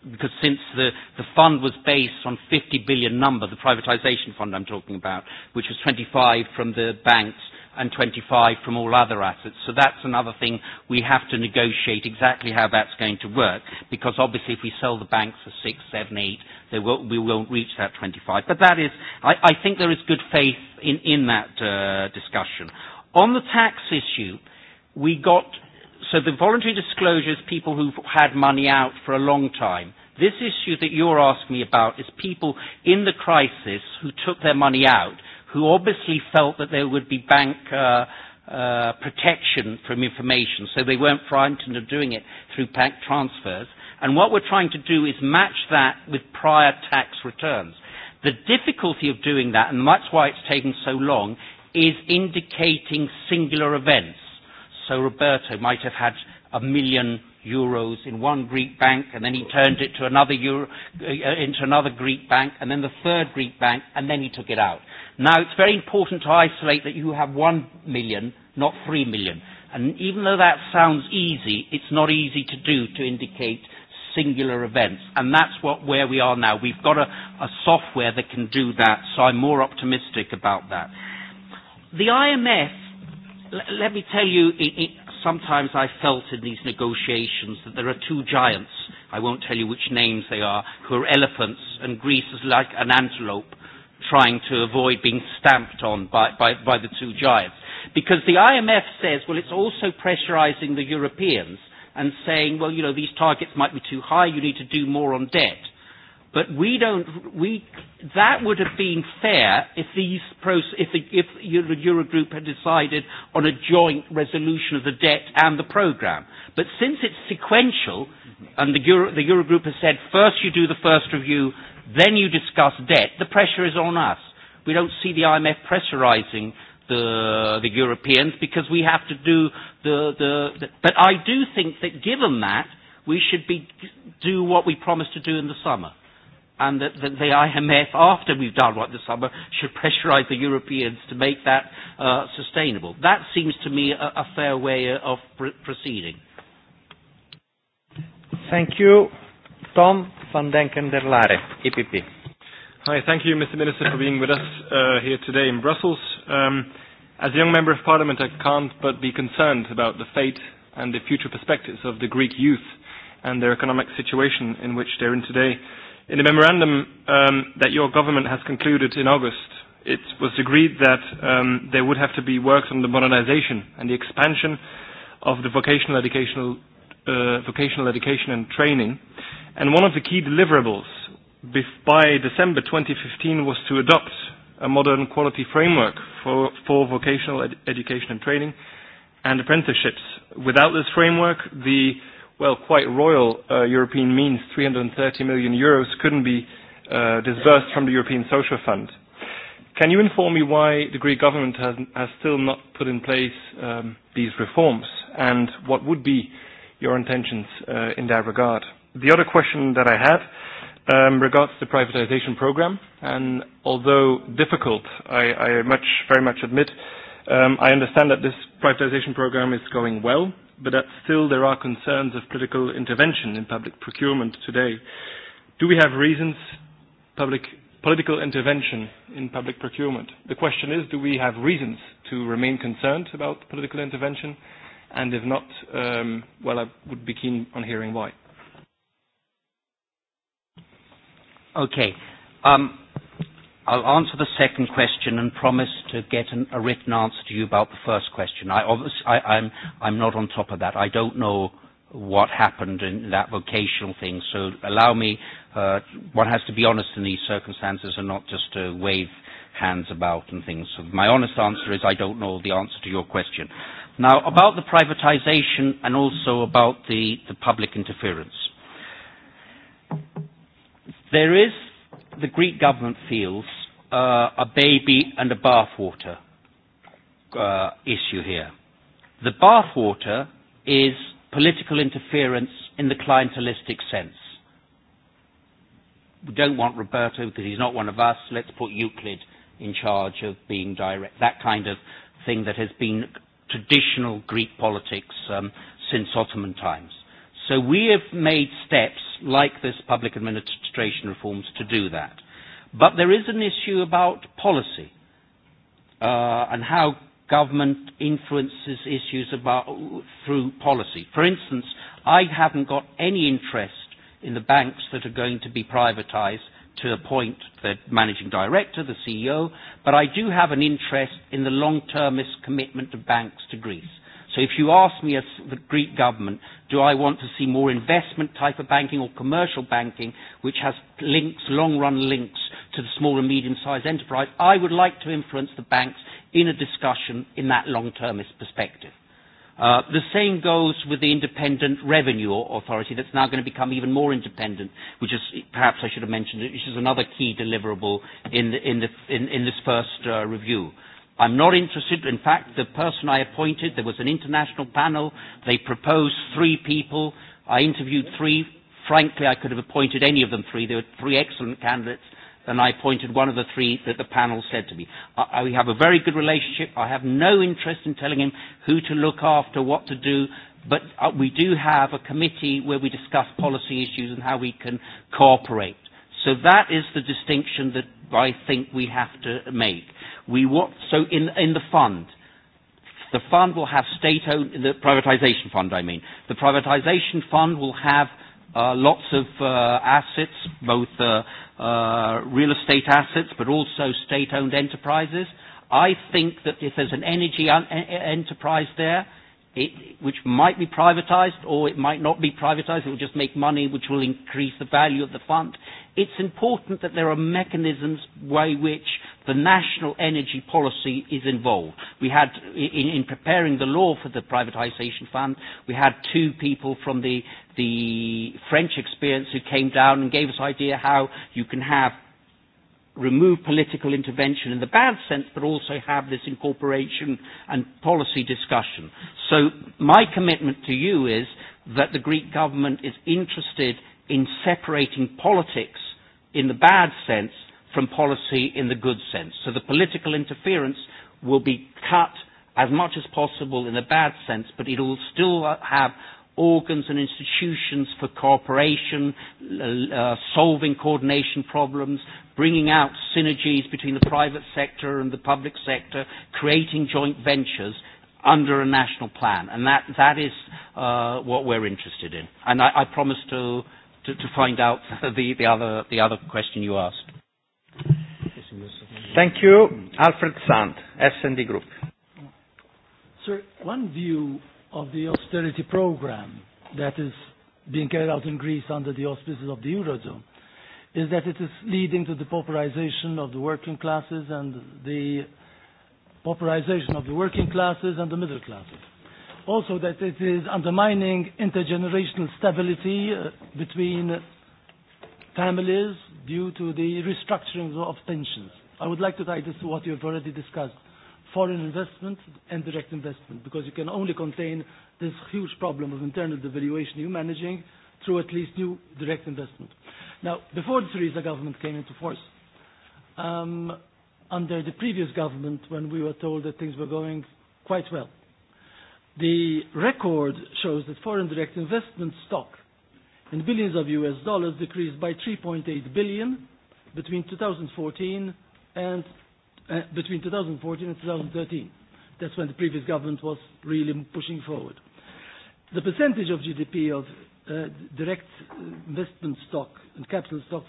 because since the, the fund was based on 50 billion number, the privatization fund I'm talking about, which was 25 from the banks and 25 from all other assets. So that's another thing we have to negotiate exactly how that's going to work, because obviously if we sell the banks for 6, 7, 8, they will, we won't reach that 25. But that is, I, I think there is good faith in, in that uh, discussion. On the tax issue, we got So the voluntary disclosure is people who've had money out for a long time. This issue that you're asking me about is people in the crisis who took their money out, who obviously felt that there would be bank uh, uh, protection from information, so they weren't frightened of doing it through bank transfers. And what we're trying to do is match that with prior tax returns. The difficulty of doing that, and that's why it's taken so long, is indicating singular events. So Roberto might have had a million euros in one Greek bank, and then he turned it to another Euro, uh, into another Greek bank, and then the third Greek bank, and then he took it out. Now, it's very important to isolate that you have one million, not three million. And even though that sounds easy, it's not easy to do to indicate singular events. And that's what, where we are now. We've got a, a software that can do that, so I'm more optimistic about that. The IMF L let me tell you, it, it, sometimes I felt in these negotiations that there are two giants, I won't tell you which names they are, who are elephants, and Greece is like an antelope trying to avoid being stamped on by, by, by the two giants. Because the IMF says, well, it's also pressurizing the Europeans and saying, well, you know, these targets might be too high, you need to do more on debt. But we don't, we, that would have been fair if these pro if the, if the Eurogroup had decided on a joint resolution of the debt and the programme. But since it's sequential, and the, Euro, the Eurogroup has said first you do the first review, then you discuss debt, the pressure is on us. We don't see the IMF pressurising the, the Europeans because we have to do the, the, the, but I do think that given that, we should be, do what we promised to do in the summer and that, that the IMF, after we've done what this summer, should pressurize the Europeans to make that uh, sustainable. That seems to me a, a fair way of pr proceeding. Thank you. Tom van Denken der Lare, EPP. Hi, thank you, Mr. Minister, for being with us uh, here today in Brussels. Um, as a young member of parliament, I can't but be concerned about the fate and the future perspectives of the Greek youth and their economic situation in which they're in today. In the memorandum um, that your government has concluded in August, it was agreed that um, there would have to be works on the modernization and the expansion of the vocational educational uh, vocational education and training. And one of the key deliverables by December 2015 was to adopt a modern quality framework for, for vocational ed education and training and apprenticeships. Without this framework, the well, quite royal uh, European means, 330 million euros couldn't be uh, disbursed from the European Social Fund. Can you inform me why the Greek government has, has still not put in place um, these reforms and what would be your intentions uh, in that regard? The other question that I had um, regards the privatization program, and although difficult, I, I much, very much admit, um, I understand that this privatization program is going well but that still there are concerns of political intervention in public procurement today. Do we have reasons public political intervention in public procurement? The question is, do we have reasons to remain concerned about political intervention? And if not, um, well, I would be keen on hearing why. Okay. Um, I'll answer the second question and promise to get an, a written answer to you about the first question. I obviously, I, I'm, I'm not on top of that. I don't know what happened in that vocational thing. So allow me, uh, one has to be honest in these circumstances and not just to wave hands about and things. So my honest answer is I don't know the answer to your question. Now, about the privatization and also about the, the public interference. There is, the Greek government feels uh, a baby and a bathwater uh, issue here. The bathwater is political interference in the clientelistic sense. We don't want Roberto because he's not one of us. Let's put Euclid in charge of being direct. That kind of thing that has been traditional Greek politics um, since Ottoman times. So we have made steps like this public administration reforms to do that. But there is an issue about policy uh, and how government influences issues about, through policy. For instance, I haven't got any interest in the banks that are going to be privatised to appoint the managing director, the CEO, but I do have an interest in the long-termist commitment of banks to Greece. So if you ask me as the Greek government, do I want to see more investment type of banking or commercial banking, which has links, long-run links to the small and medium-sized enterprise, I would like to influence the banks in a discussion in that long-termist perspective. Uh, the same goes with the independent revenue authority that's now going to become even more independent, which is perhaps I should have mentioned, which is another key deliverable in, the, in, the, in, in this first uh, review. I'm not interested. In fact, the person I appointed, there was an international panel. They proposed three people. I interviewed three. Frankly, I could have appointed any of them three. There were three excellent candidates, and I appointed one of the three that the panel said to me. I, I, we have a very good relationship. I have no interest in telling him who to look after, what to do, but uh, we do have a committee where we discuss policy issues and how we can cooperate. So that is the distinction that I think we have to make. We want, so in, in the fund, the fund will have state owned, the privatization fund I mean, the privatization fund will have uh, lots of uh, assets, both uh, uh, real estate assets but also state owned enterprises. I think that if there's an energy un- uh, e, e, enterprise there, it, which might be privatized or it might not be privatized. It will just make money, which will increase the value of the fund. It's important that there are mechanisms by which the national energy policy is involved. We had, in, in preparing the law for the privatization fund, we had two people from the, the French experience who came down and gave us idea how you can have remove political intervention in the bad sense, but also have this incorporation and policy discussion. So my commitment to you is that the Greek government is interested in separating politics in the bad sense from policy in the good sense. So the political interference will be cut as much as possible in the bad sense, but it will still have organs and institutions for cooperation, uh, solving coordination problems, bringing out synergies between the private sector and the public sector, creating joint ventures under a national plan. And that, that is uh, what we're interested in. And I, I promise to, to, to find out the, the, other, the other question you asked. Thank you. Alfred Sand, S&D Group. Sir, one view of the austerity program that is being carried out in Greece under the auspices of the Eurozone is that it is leading to the pauperization of the working classes and the pauperization of the working classes and the middle classes. Also that it is undermining intergenerational stability uh, between families due to the restructuring of pensions. I would like to tie this to what you have already discussed foreign investment and direct investment because you can only contain this huge problem of internal devaluation you're managing through at least new direct investment. Now, before the Syriza government came into force, um, under the previous government, when we were told that things were going quite well, the record shows that foreign direct investment stock in billions of US dollars decreased by 3.8 billion between 2014 and uh, between 2014 and 2013. That's when the previous government was really pushing forward. The percentage of GDP of uh, direct investment stock and capital stock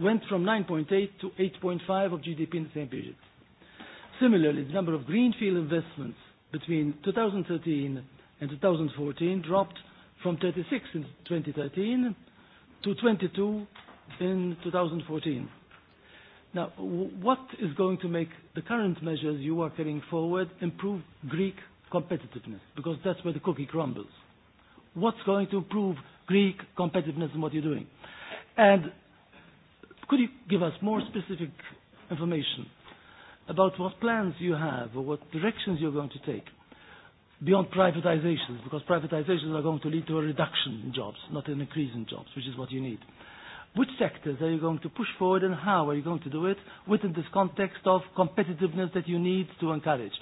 went from 9.8 to 8.5 of GDP in the same period. Similarly, the number of greenfield investments between 2013 and 2014 dropped from 36 in 2013 to 22 in 2014. Now, what is going to make the current measures you are carrying forward improve Greek competitiveness? Because that's where the cookie crumbles. What's going to improve Greek competitiveness in what you're doing? And could you give us more specific information about what plans you have or what directions you're going to take beyond privatizations? Because privatizations are going to lead to a reduction in jobs, not an increase in jobs, which is what you need which sectors are you going to push forward and how are you going to do it within this context of competitiveness that you need to encourage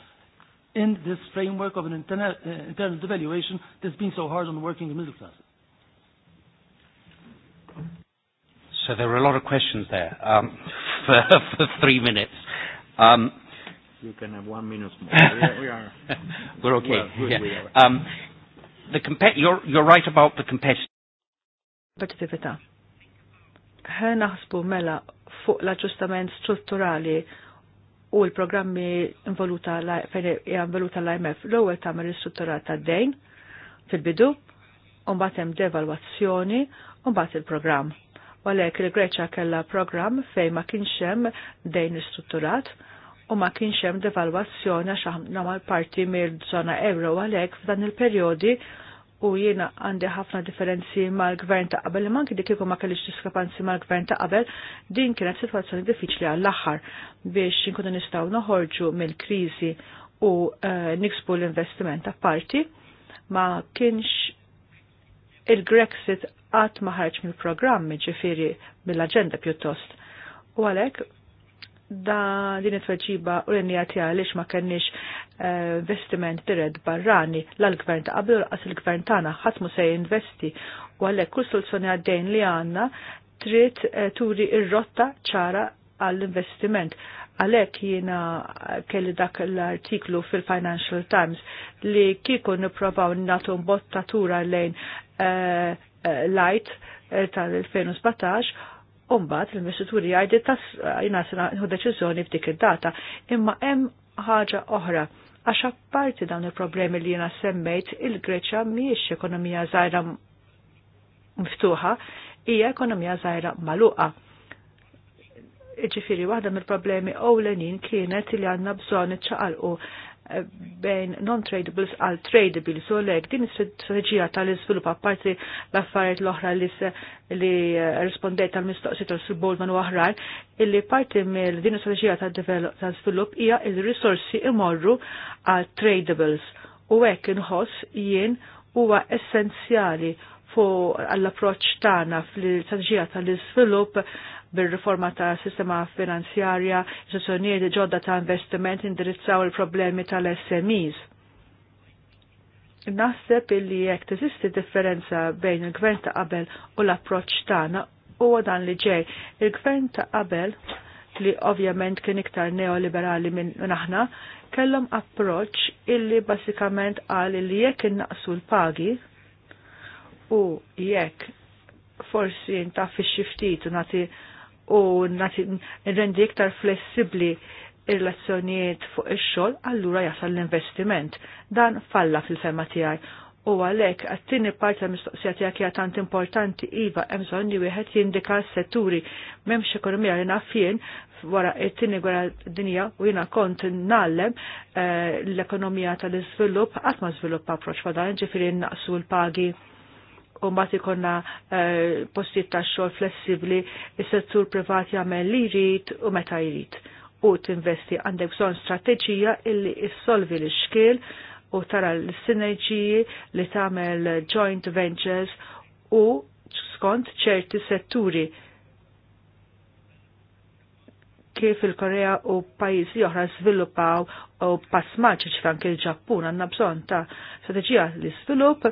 in this framework of an internal, uh, internal devaluation that's been so hard on working the middle classes? So there are a lot of questions there um, for, for three minutes. Um, you can have one minute more. we are. We're okay. Well, good, yeah. we are. Um, the compet you're, you're right about the competitive ħe naħsbu mela fuq l-aġġustament strutturali u l-programmi involuta l-IMF l-ewwel tagħmel ta' tad-dejn fil-bidu, u mbagħad hemm devalwazzjoni u mbagħad il-programm. U għalhekk il-Greċja kellha programm fejn ma kienx hemm dejn strutturat u ma kienx hemm devalwazzjoni għax aħna parti mill-żona euro għalhekk f'dan il-perjodi u jiena għandi ħafna differenzi mal-gvern ta' qabel, imma kidi dik kieku ma kellix diskrepanzi mal-gvern ta' qabel, din kienet situazzjoni diffiċli għall-aħħar biex inkunu nistgħu noħorġu mill-kriżi u uh, niksbu l-investiment apparti ma kienx il-Grexit għat maħarġ mill-programmi ġifiri mill-agenda pjuttost. U għalek da din it-tweġiba u l-inja għaliex ma kenniex eh, investiment dirett barrani l-gvern ta' qabel u il-gvern tagħna ħadd mu se jinvesti u għalhekk kull soluzzjoni għaddejn li għandna trid eh, turi ir-rotta ċara għall-investiment. Għalek jiena eh, kelli dak l-artiklu fil-Financial Times li kiku niprofaw natu bottatura lejn uh, light tal-2017 Umbat, l-investituri għajdi tas jina sena deċizjoni f'dik id-data, imma hemm ħaġa oħra. Għax apparti dawn il-problemi li jina semmejt, il-Greċja miex ekonomija zaħira miftuħa, hija ekonomija zaħira maluqa. Iġifiri, waħda mill-problemi ewlenin kienet li għanna bżon iċċaqalqu Eh, bejn non-tradables għal tradable So lek din strategija tal izvilupa parti l-affarijiet l-oħra li li eh, rispondejt tal-mistoqsi tal-Sir Boldman u oħrajn illi parti mill din strategija tal-izvilup hija il-risorsi imorru għal tradables u hekk inħoss jien huwa essenzjali fuq għall-approċ tagħna fl-istrateġija tal-iżvilupp bil-riforma ta' sistema finanzjarja, sezzjonijiet ġodda ta' investiment indirizzaw il-problemi tal-SMEs. Naħseb illi jekk teżisti differenza bejn il-gvern ta' qabel u l-approċ tagħna huwa dan li ġej. Il-gvern ta' qabel li ovvjament kien iktar neoliberali minn aħna, kellhom approċċ illi basikament qal li jekk innaqsu l-pagi u jekk forsi ntaf fix-xiftit u nati u nati nrendi iktar flessibli il relazzjonijiet fuq ix-xogħol, allura jasal l-investiment. Dan falla fil-fema tiegħi. U għalhekk għat-tieni parti tal-mistoqsija tiegħek hija tant importanti iva hemm bżonn wieħed jindika s-setturi m'hemmx ekonomija li naf jien wara t-tieni gwerra dinja u jiena kont nallem eh, l-ekonomija tal-iżvilupp qatt ma żviluppa approċċ ġifirin naqsu l-pagi mbagħad ikonna eh, postijiet ta' xogħol flessibbli, is-settur privat jagħmel li jrid u meta jrid. U tinvesti għandek bżonn strateġija illi issolvi l-xkiel u tara l-sinerġiji li tagħmel joint ventures u skont ċerti setturi kif il-Korea u pajjiżi oħra sviluppaw u pass maġġi ċifan il ġappun għandna bżonn ta' strateġija li svilupp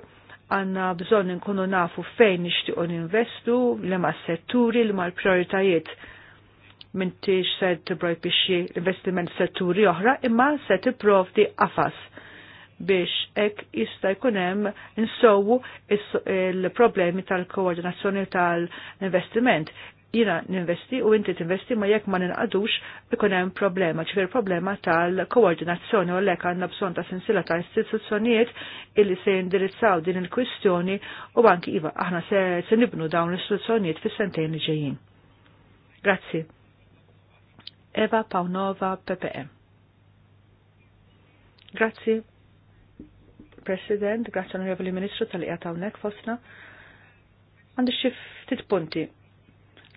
għanna bżon nkunu nafu fejn nishtiqo ninvestu, li ma setturi, li ma l-prioritajiet minn tix se t-brojpixi investiment setturi oħra, imma se t-provdi għafas biex ek jista jkunem nsowu il-problemi tal-koordinazzjoni tal-investiment jina ninvesti u inti tinvesti ma jekk ma ninqadux ikun hemm problema, ċifir problema tal-koordinazzjoni u lek għandna bżonn ta' sensila ta' istituzzjonijiet illi se jindirizzaw din il-kwistjoni u anki iva aħna se, se nibnu dawn l-istituzzjonijiet fis-sentejn li ġejjin. Grazzi. Eva Paunova, PPM. Grazzi, President, grazzi onorevoli Ministru tal-Iqata unnek fosna. Għandi xi ftit punti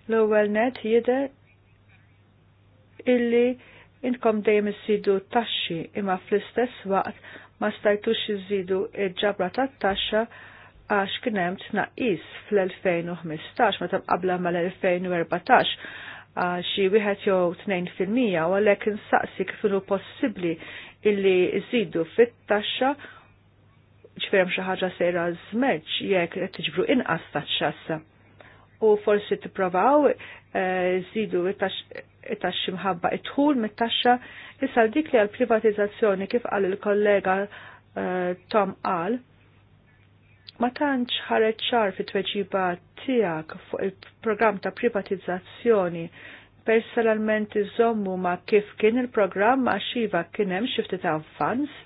L-ewwel net jidher illi intkom dejjem issidu taxxi imma fl-istess waqt ma stajtux iżidu il-ġabra tat-taxxa għax kien hemm tnaqqis fl-2015 meta qabla mal-2014 xi wieħed jew tnejn fil-mija u għalhekk insaqsi kif inhu possibbli illi jżidu fit-taxxa ċferem xi ħaġa sejra ż-żmeġġ jekk qed tiġbru inqas taxxa u forsi t-provaw eh, zidu it-taxxi mħabba it-tħul mit-taxxa issa dik li għal-privatizzazzjoni kif qal il-kollega eh, Tom qal ma tantx ħareġ ċar fit-tweġiba tiegħek fuq il-programm ta' privatizzazzjoni personalment iżommu ma kif kien il-programm għax iva kien hemm xi ftit avvanz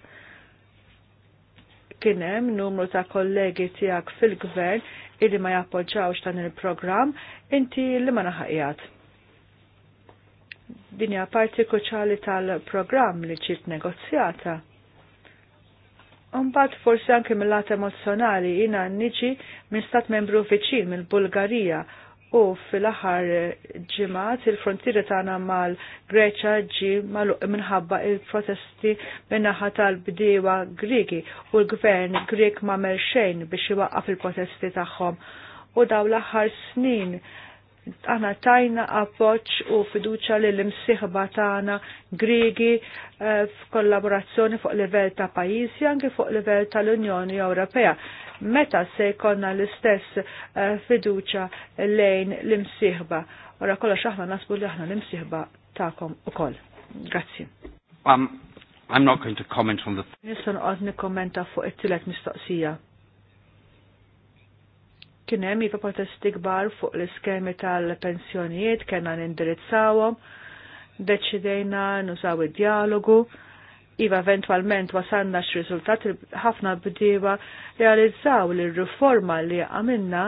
kienem numru ta' kollegi tijak fil-gvern illi ma jappoġġawx dan il-program, inti li ma Din Dinja parti kuċali tal-program li ġiet negozjata. mbagħad forsi anke mill-lat emozjonali jina niġi minn stat membru viċin mill-Bulgarija u fil-aħħar ġimgħat il frontiri tagħna mal-Greċa ġi maluq minħabba il-protesti min-naħa tal-bdiewa Griegi u l-gvern Grieg m'għamel xejn biex iwaqqaf il-protesti tagħhom. U daw l-aħħar snin aħna tajna appoċ u fiduċa li l-imsiħba tagħna gregi eh, f'kollaborazzjoni fuq livell ta' pajjiżi anke fuq livell tal-Unjoni Ewropea. Meta se jkollna l-istess eh, fiduċa lejn l-imsiħba. Ora kollox aħna nasbu li aħna l-imsiħba tagħkom ukoll. Grazzi. Um, I'm not going to comment on the... Nistan għodni kommenta fuq it tilet mistoqsija Kien hemm iva protesti kbar fuq l-iskemi tal-pensjonijiet kellna nindirizzawhom, deċidejna nużaw id-dialogu, iva eventualment wasanna x-riżultat ħafna bdiewa realizzaw li r-riforma li għamilna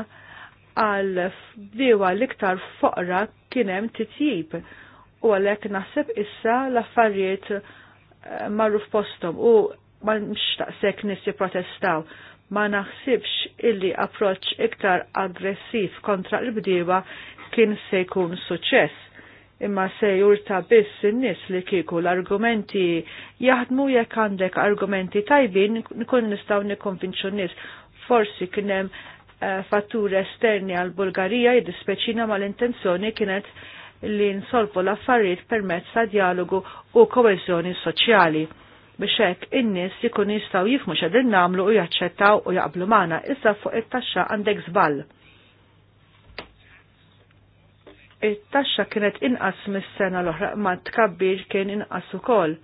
għal bdiewa l-iktar foqra kien hemm titjib u għalhekk naħseb issa l-affarijiet eh, marruf postom u ma mxtaqsek nissi protestaw ma naħsibx illi approċ iktar aggressiv kontra l-bdiewa kien se jkun suċess imma se jurta biss in-nies li kieku l-argumenti jaħdmu jekk għandek argumenti tajbin nkun nistgħu nikkonvinċu n-nies. Forsi kien hemm uh, fatturi esterni għal Bulgarija jiddispeċina mal-intenzjoni kienet li nsolvu l-affarijiet permezz ta' dialogu u koeżjoni soċjali biex hekk in-nies jkun jistgħu jifmu x'qegħdin nagħmlu u jaċċettaw u jaqblu magħna issa fuq it-taxxa għandek żball. It-taxxa kienet inqas mis-sena l-oħra ma tkabbir kien inqas ukoll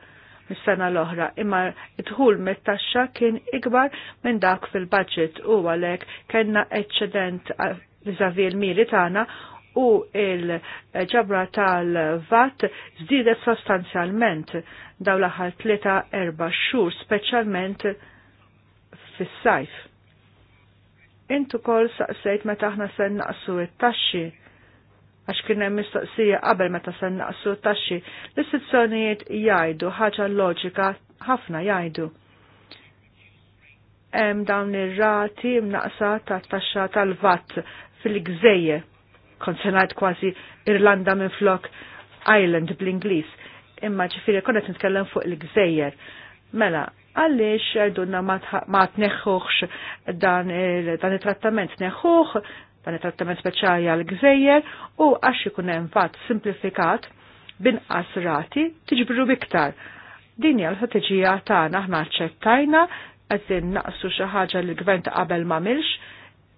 mis-sena l-oħra, imma id-dħul mit-taxxa kien ikbar minn dak fil-budget u għalhekk kellna eċċedent vizavi l-miri tagħna u il-ġabra tal-VAT żdiedet sostanzjalment dawn l-aħħar 4 erba' xhur speċjalment fis-sajf. Intu kol saqsejt meta aħna se naqsu it-taxxi għax kien hemm mistoqsija qabel meta se naqsu t-taxxi, l-istituzzjonijiet jgħidu ħaġa loġika ħafna jgħidu hemm dawn ir-rati mnaqsa tat-taxxa tal-vatt fil-gżejje konsenat kważi Irlanda minn flok Island bl-Inglis. Imma konna t nitkellem fuq il-gżejjer. Mela, għalix dunna ma t-neħħuħx dan il-trattament neħħuħ, dan il-trattament speċjali għal-gżejjer u għax ikun hemm fatt simplifikat binqas rati tiġbru biktar. Din hija l ta' tagħna aħna ċettajna għazin naqsu xi ħaġa li l-gvern ta' qabel ma milx,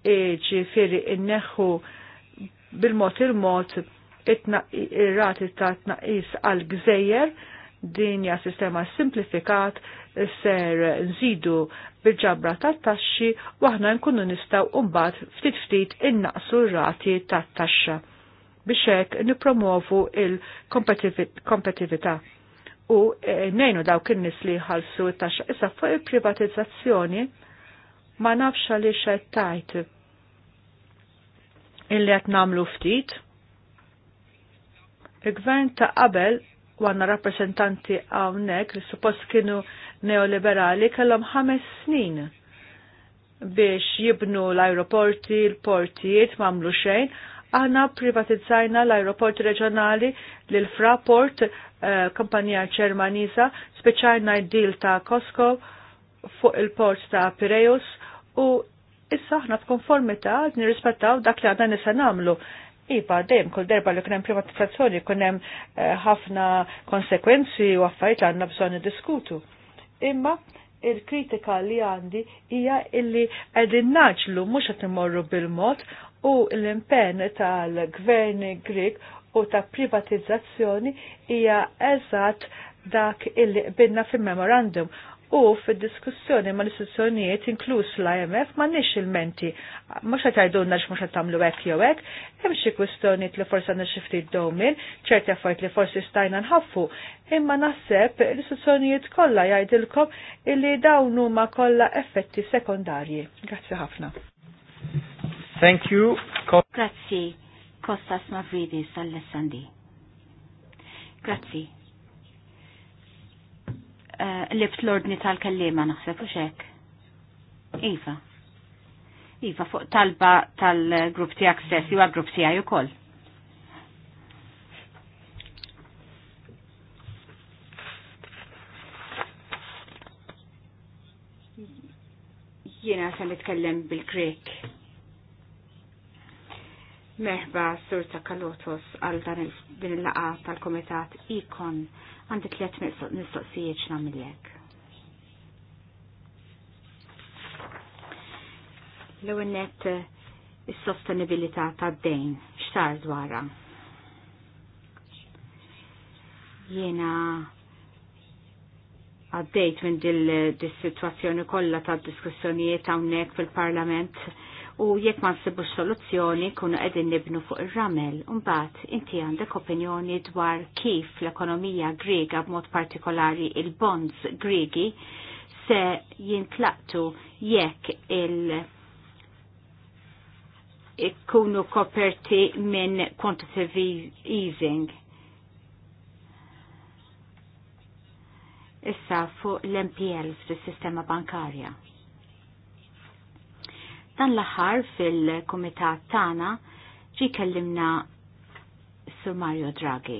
e ġifieri inneħħu bil-mod il-mod ir-rati ta' tnaqis għal gżejjer din hija sistema simplifikat ser nżidu bil-ġabra tat-taxxi u aħna nkunu nistgħu mbagħad ftit ftit innaqsu r-rati tat-taxxa biex hekk nippromovu il-kompetitività u e, nejnu daw in-nies li jħallsu t-taxxa issa fuq il-privatizzazzjoni ma nafx li xed tajt illi qed nagħmlu ftit. Il-gvern ta' qabel u għanna rappresentanti għawnek li suppost kienu neoliberali kellhom ħames snin biex jibnu l-aeroporti, l-portijiet, mamlu xejn, aħna privatizzajna l-aeroporti reġjonali l-Fraport, eh, kampanija ċermaniza, speċajna id-dil ta' Costco fuq il-port ta' Pireus u issa ħna f'konformità nirrispettaw dak li għadna nisa namlu. Iba, dem, kol derba li kunem privatizzazzjoni kunem eh, ħafna eh, konsekwenzi u affarijiet li għandna bżonn diskutu. Imma il-kritika li għandi hija illi qegħdin naġlu mhux qed imorru bil-mod u l-impenn tal-gvern Grik u ta' privatizzazzjoni hija eżatt dak illi binna fil-memorandum u fil-diskussjoni ma l-istituzzjonijiet inkluż l-IMF ma nix il-menti, ma xa tajdunna x ma xa tamlu ek jew ek, hemm xi kwistjonijiet li forsi għandna xi ftit domin, ċerti għaffajt li forsi stajna nħaffu, imma naħseb l-istituzzjonijiet kollha jgħidilkom illi dawn huma kollha effetti sekondarji. Grazzi ħafna. Thank you. Grazzi, Kostas Mavridis, Alessandi. Grazzi. Eh, li l-ordni tal-kellima naħseb u xek. Iva. Iva, fuq talba tal-grupp tijak stess, juwa grupp tijaj u koll. Jiena sa' nitkellem bil-Grek. Meħba Sur kalotos għal dan din il-laqa tal-Komitat Ikon għandi tliet mistoqsijiet hekk. L-ewwel net eh, is-sostenibilità tad-dejn x'tar dwarha. Jiena għaddejt minn dil-situazzjoni kollha tad-diskussjonijiet hawnhekk fil-Parlament u jekk ma nsibu soluzzjoni kunu qegħdin nibnu fuq ir-ramel, imbagħad inti għandek opinjoni dwar kif l-ekonomija Griega b'mod partikolari il-bonds Griegi se jintlaqtu jekk il- ikkunu koperti minn quantitative easing. Issa fuq l-MPLs fis-sistema bankarja. Dan l-aħħar fil-kumitat tagħna ġi kellimna Sur Mario Draghi.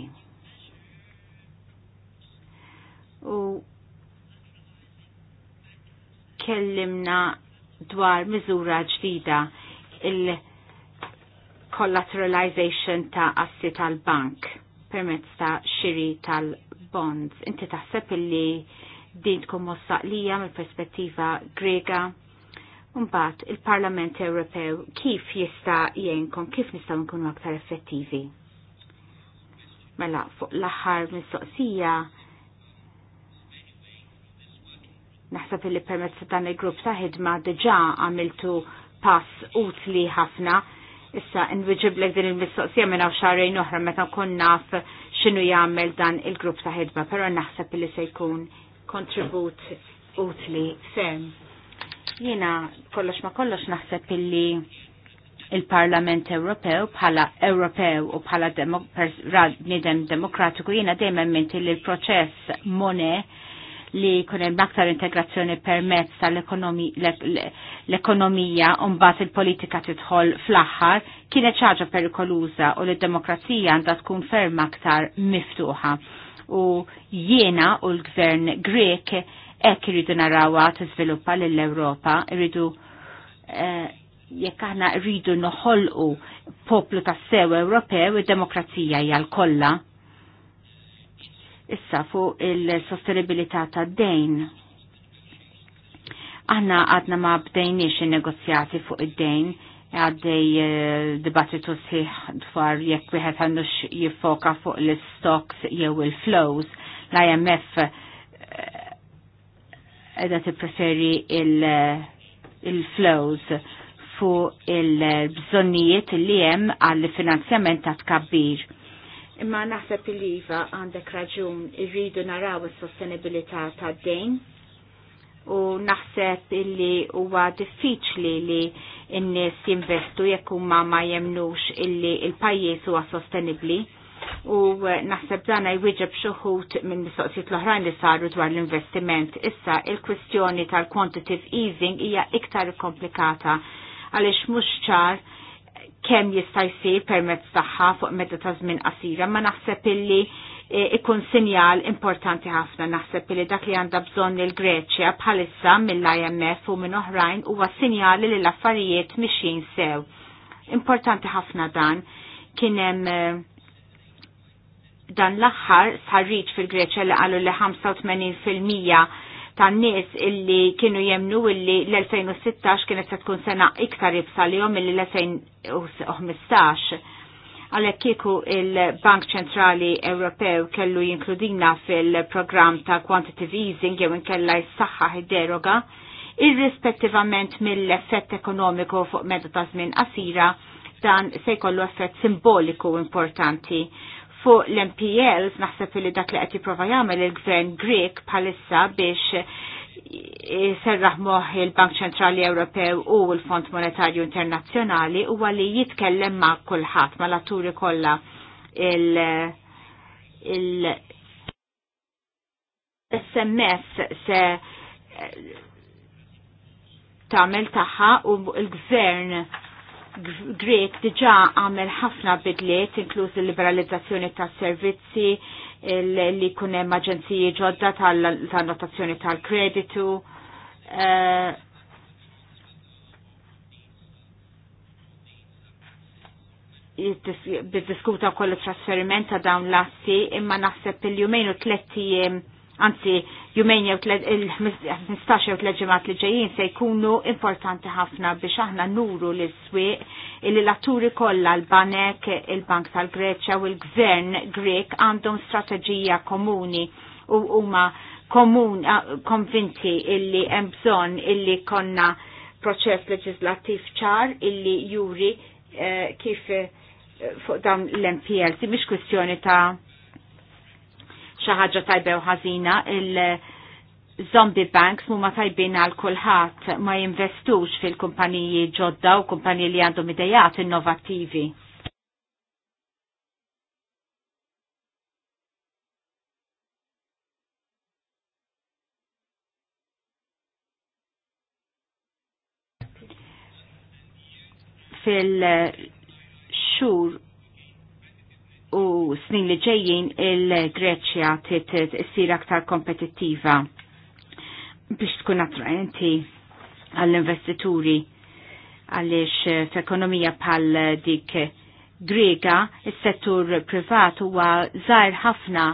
U kellimna dwar miżura ġdida il-collateralization ta' assi tal-bank permezz ta' xiri tal-bonds. Inti taħseb illi din tkun mossaqlija mill-perspettiva grega Mbagħad il-Parlament Ewropew kif jista' jgħinkom kif nistgħu nkunu aktar effettivi? Mela fuq l-aħħar mistoqsija naħseb li permezz ta' dan il-grupp ta' ħidma diġà għamiltu pass utli ħafna. Issa nwiġiblek din il-mistoqsija minn hawn xahrejn oħra meta nkun naf x'inhu jagħmel dan il-grupp ta' ħidma, però naħseb li se jkun kontribut utli ferm Jiena kollox ma kollox naħseb illi il-Parlament Ewropew bħala Ewropew u bħala nidem demokratiku jiena dejjem minti li l-proċess mone li kun hemm aktar integrazzjoni permezz tal-ekonomija u mbagħad il-politika tidħol fl-aħħar kienet ħaġa perikoluża u l demokrazija għandha tkun ferm aktar miftuħa. U jiena u l-gvern Grek ekk irridu narawa t-sviluppa l-Europa, irridu eh, jekk aħna rridu noħolqu poplu ta' sew Ewropew id-demokrazija jgħal kollha Issa fuq il-sostenibilità ta' dejn. Aħna għadna ma bdejniex il negozjati fuq id-dejn għaddej eh, dibattitu sħiħ dwar jekk wieħed għandux jiffoka fuq l-stocks jew il-flows. L-IMF edha t-preferi il-flows il fu il-bżonnijiet li jem għall-finanzjament ta' tkabbir. Imma naħseb il-liva għandek raġun irridu naraw il-sostenibilità ta' d-dejn u naħseb illi huwa diffiċli li n-nies jinvestu jekk huma ma jemnux illi il-pajjiż huwa sostenibbli u eh, naħseb dan jwieġeb xuħut minn mistoqsijiet l-oħrajn li saru dwar l-investiment. Issa il kwestjoni tal-quantitative easing hija iktar komplikata għaliex mhux ċar kemm jista' jsir permezz tagħha fuq medda ta' żmien qasira, ma naħseb illi eh, ikun sinjal importanti ħafna naħseb li dak li għandha bżonn il-Greċja bħalissa mill-IMF u minn oħrajn huwa sinjali li l-affarijiet mixjin sew. Importanti ħafna dan kien hemm eh, dan l-aħħar sħarriċ fil-Greċja li qalu li 85% tan nies illi kienu jemnu illi l-2016 kienet se tkun sena iktar jibsa li jom illi l-2015. Għalek kieku il-Bank Ċentrali Ewropew kellu jinkludina fil-program ta' quantitative easing jew inkella jissaxħa id-deroga, irrispettivament mill-effett ekonomiku fuq meta ta' żmien qasira, dan se jkollu effett simboliku importanti Fuq l-MPLs naħseb li dak li qed jipprova jagħmel il-Gvern Grek bħalissa biex serraħ moħ il-Bank Ċentrali Ewropew u l-Fond Monetarju Internazzjonali huwa li jitkellem ma' kulħadd ma' l-atturi kollha il- il- SMS se eh, tagħmel tagħha u l-gvern Grek diġa għamel ħafna bidliet, inkluż il-liberalizzazzjoni ta' servizzi, li kunem aġenziji ġodda tal-notazzjoni tal-kreditu. Biddiskuta eh, koll trasferiment ta' dawn l-assi, imma naħseb il-jumejn u tlettijiem anzi jumejn jew il-15 jew tleġimat li ġejjin se jkunu importanti ħafna biex aħna nuru l swieq illi l-atturi kollha l-Banek, il-Bank tal-Greċja u l-Gvern Grek għandhom strateġija komuni u huma komuni konvinti illi hemm bżonn illi konna proċess leġislattiv ċar illi juri eh, kif eh, fuq dawn l-MPLs, mhix kwistjoni ta' xi ħaġa tajbew ħażina il-zombie banks ma tajbin għal kulħadd ma jinvestux fil-kumpaniji ġodda u kumpaniji li għandhom idejat innovattivi. fil-xur u snin li ġejjin il-Greċja t-sir aktar kompetittiva biex tkun attraenti għall-investituri għaliex f'ekonomija bħal dik Grega il settur privat huwa żgħar ħafna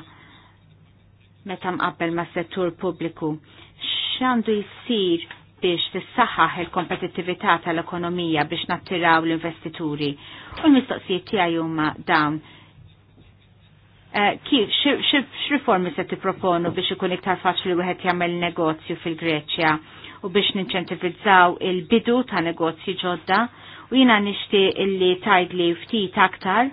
meta mqabbel ma' settur pubbliku. X'għandu jsir biex tissaħħaħ il-kompetittività tal-ekonomija biex nattiraw l-investituri. U l-mistoqsijiet tiegħi huma dawn Eh, x-reformi se tipproponu biex ikun iktar faċli wieħed jagħmel negozju fil-Greċja u biex ninċentivizzaw il-bidu ta' negozji ġodda u jina nixti illi tajdli ftit aktar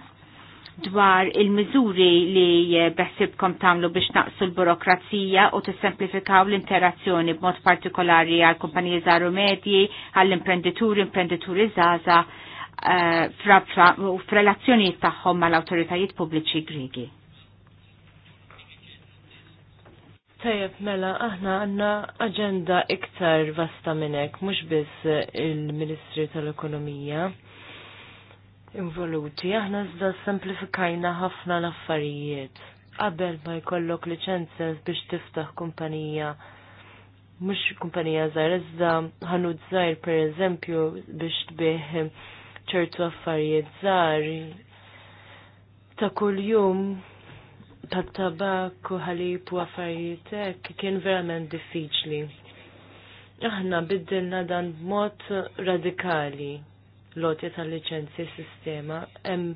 dwar il-mizuri li beħsibkom tamlu biex naqsu l-burokrazija u tissemplifikaw l-interazzjoni b'mod partikolari għal kumpaniji żaru medji, għall imprendituri imprendituri zaza, eh, u f'relazzjonijiet tagħhom mal-awtoritajiet pubbliċi Grigi. Tajab, mela, aħna għanna agenda iktar vasta minnek, mux biss il-Ministri tal-Ekonomija involuti, aħna zda semplifikajna ħafna l-affarijiet. Qabel ma jkollok licenzjas biex tiftaħ kumpanija, mux kumpanija zaħir, zda ħanud zaħir per eżempju biex tbieħ ċertu affarijiet zaħir ta' kull jum tat-tabak u ħalib u affarijiet kien verament diffiċli. Aħna biddilna dan mod radikali l l-otja tal licenzi sistema hemm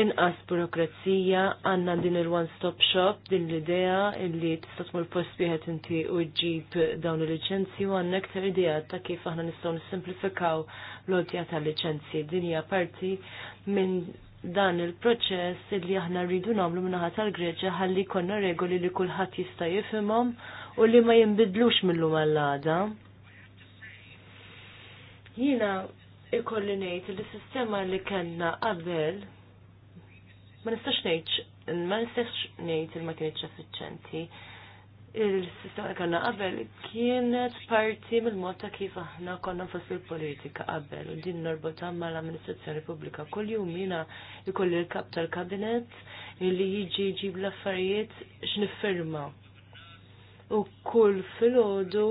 inqas burokrazija għanna din il-one stop shop din l-idea illi tista' tmur post wieħed inti u ġib dawn il-liċenzji u għanna ktar idea ta' kif aħna nistgħu nissimplifikaw l otja tal-liċenzji. Din hija parti minn dan il-proċess li aħna rridu nagħmlu minnaħat tal-Greċja ħalli konna regoli li kulħadd jista' jifhimhom u li ma jinbidlux mill-lum għall-għada. Jiena ikolli ngħid li sistema li kellna qabel ma nistax ngħid ma nistax ngħid il ma kienx effiċjenti il-sistema kanna qabel kienet parti mill-mod ta' kif aħna konna fost il-politika qabel u din norbota ma' l-amministrazzjoni pubblika. Kull jum jina jkolli l-kap tal-kabinet li jiġi jġib l-affarijiet x'nifferma. U kull filgħodu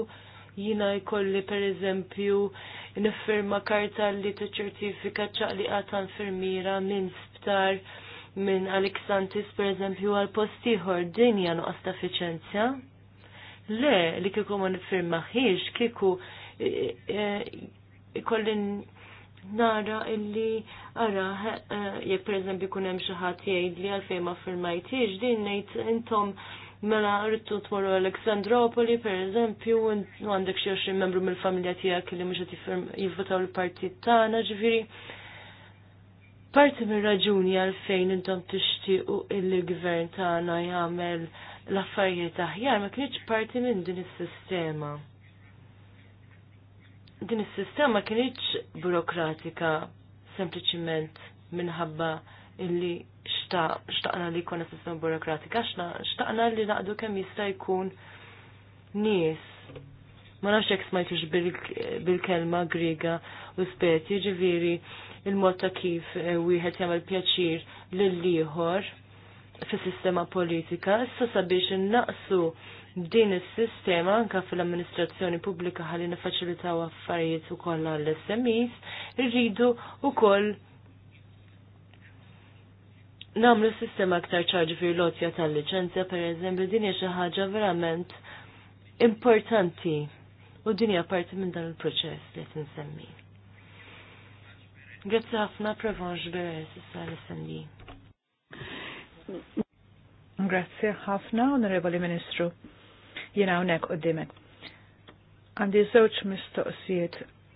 jina jkolli per eżempju nifferma karta li tiċċertifika ċaqliqa ta' infirmiera minn sptar minn Alexantis per eżempju għal postiħor dinja nuqqas ta' efficienzja le li kieku ma nifirmaħiex kieku ikollin e, e, e, nara illi ara jek per eżempju kunem hemm xi ħadd jgħid li għalfejn ma firmajtiex din ngħid intom mela rritu tmorru Aleksandropoli per eżempju u għandek xi xie membru mill-familja tiegħek li mhux qed jivvotaw il-partit tagħna ġviri Parti mir raġuni għalfejn intom tixtiequ il-gvern tagħna jagħmel l-affarijiet aħjar ma kienx parti minn din is-sistema. Din is-sistema kienx burokratika sempliċiment minħabba illi xtaqna li jkun sistema burokratika, xtaqna li naqdu kemm jista' jkun nies. Ma nafx jekk smajtux bil-kelma griga u speti, ġiviri il-mod ta' kif eh, wieħed jagħmel pjaċir lil ieħor fis-sistema politika, issa sabiex innaqsu din is-sistema anka fil-amministrazzjoni pubblika ħalli nifaċilitaw affarijiet ukoll għall-SMEs, irridu ukoll namlu s-sistema aktar ċarġi fir lotja tal-liċenzja per eżempju din hija xi ħaġa verament importanti u din hija parti minn dan il-proċess li qed insemmi. Grazzi ħafna Prevange Beres, issa l-SND. Grazie ħafna, Onorevoli Ministru. Jena hawnhekk dimek. Għandi żewġ mistoqsijiet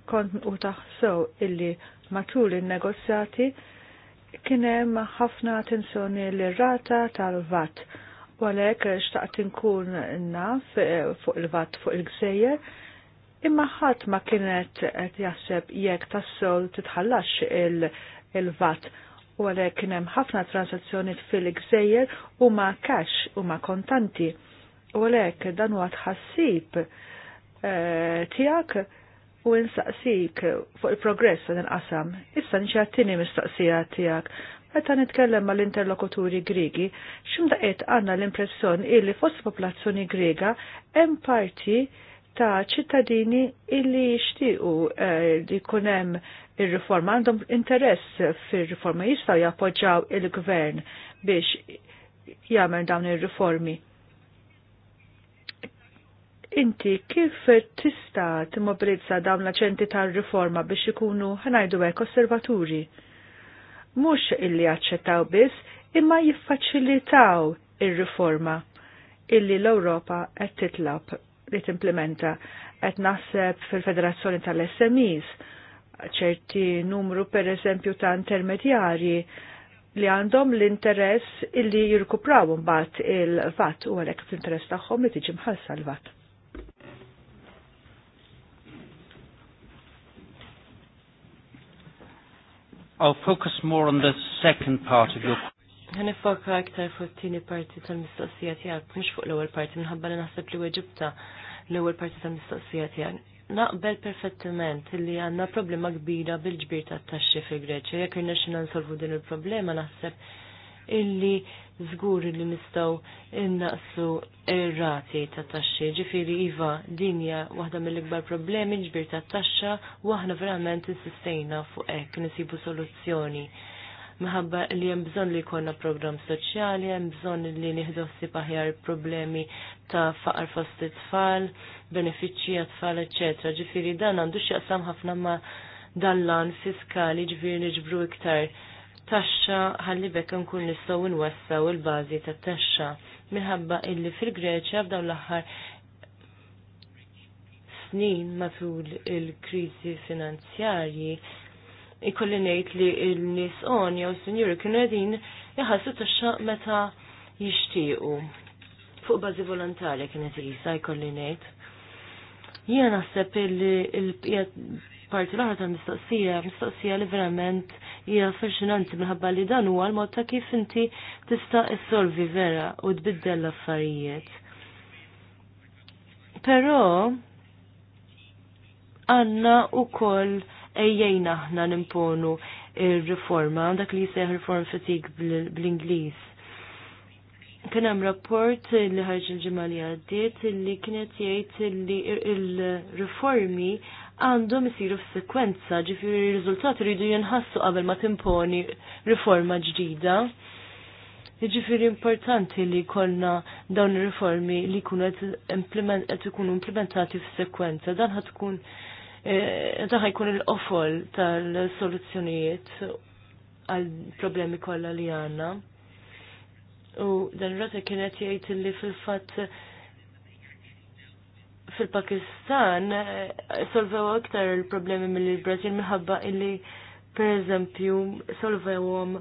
kont u taħsew illi matul in-negozjati kien hemm ħafna attenzjoni lir-rata tal-VAT. U għalhekk xtaqt inkun naf eh, fuq il-VAT fuq il-gżejjer imma ħadd ma kienet qed jaħseb jekk tassew titħallax il-VAT. il vat u għalhekk kien hemm ħafna transazzjoni fil-Gżejjer huma cash huma kontanti. U għalhekk dan huwa tħassib eh, tiegħek u insaqsik fuq il-progress ta' qasam. Issa nixattini mistaqsija tiegħek. Meta nitkellem mal interlokuturi Grigi, x'imdaqiet għandna l-impressjoni illi fost popolazzjoni Griega hemm parti ta' ċittadini illi jixtiequ eh, li jkun hemm ir-riforma għandhom interess fir-riforma jistgħu jappoġġaw il-gvern biex jagħmel dawn ir-riformi. Inti kif tista' timmobilizza dawn l-aċenti tar-riforma biex ikunu ħanajdu hekk osservaturi? Mhux illi jaċċettaw biss imma jiffaċilitaw ir-riforma illi l-Ewropa qed titlab li t-implementa Qed naħseb fil-Federazzjoni tal-SMEs ċerti numru per eżempju ta' intermedjarji li għandhom l-interess illi jirkupraw mbagħad il-vat u għalhekk l interess tagħhom li tiġi mħallsa l-vat. I'll focus more on the second part of your Għan ifokka iktar fuq tini parti tal-mistoqsija tiegħek mux fuq l-ewwel parti minħabba li naħseb li Ġibta l-ewwel parti ta' mistoqsija tiegħek. Naqbel perfettament li għandna problema kbira bil-ġbir tat-taxxi fil-Greċja. Jekk irna xi nsolvu din il-problema naħseb illi żgur li nistgħu innaqsu ir-rati tat-taxxi. Ġifieri iva dinja waħda mill-ikbar problemi l ġbir tat-taxxa u aħna verament insistejna fuq hekk nisibu soluzzjoni minħabba li hemm bżonn li jkollna programm soċjali, hemm bżonn li nieħdu ħsieb aħjar problemi ta' faqar fost tfal benefiċċji għat-tfal, ecc. Ġifieri dan għandu xieqsam ħafna ma' dallan fiskali ġifiri niġbru iktar taxxa ħalli bekk nkun nistgħu nwassaw il-bażi tat-taxxa minħabba illi fil-Greċja f'dawn l-aħħar snin matul il-kriżi finanzjarji ikolli ngħid li l nis on jaw senjuri kienu qegħdin iħassu taxxa meta jixtiequ. Fuq bażi volontarja kienet jisa jkolli ngħid. Jiena naħseb li l-parti l-oħra ta' mistoqsija, mistoqsija li verament hija affaxxinanti minħabba li dan huwa l-mod ta' kif inti tista' solvi vera u tbiddel l-affarijiet. Però għanna u koll ejjejna aħna nimponu il-reforma, dak li jseħ reform fatig bl-Inglis. Kien hemm rapport li ħarġ il-ġimgħa li għaddiet li kienet jgħid li il-riformi għandhom isiru f'sekwenza, ġifieri r-riżultati rridu jinħassu qabel ma timponi riforma ġdida. Jiġifieri importanti li kollna dawn ir-riformi li jkunu qed ikunu implementati f'sekwenza. Dan ħad tkun Eh, daħ jkun il-qofol tal-soluzzjonijiet għal problemi kollha li għandna. U dan rata kienet jgħid li fil-fatt fil-Pakistan eh, solvew aktar il-problemi mill-Brazil minħabba illi per eżempju solvewhom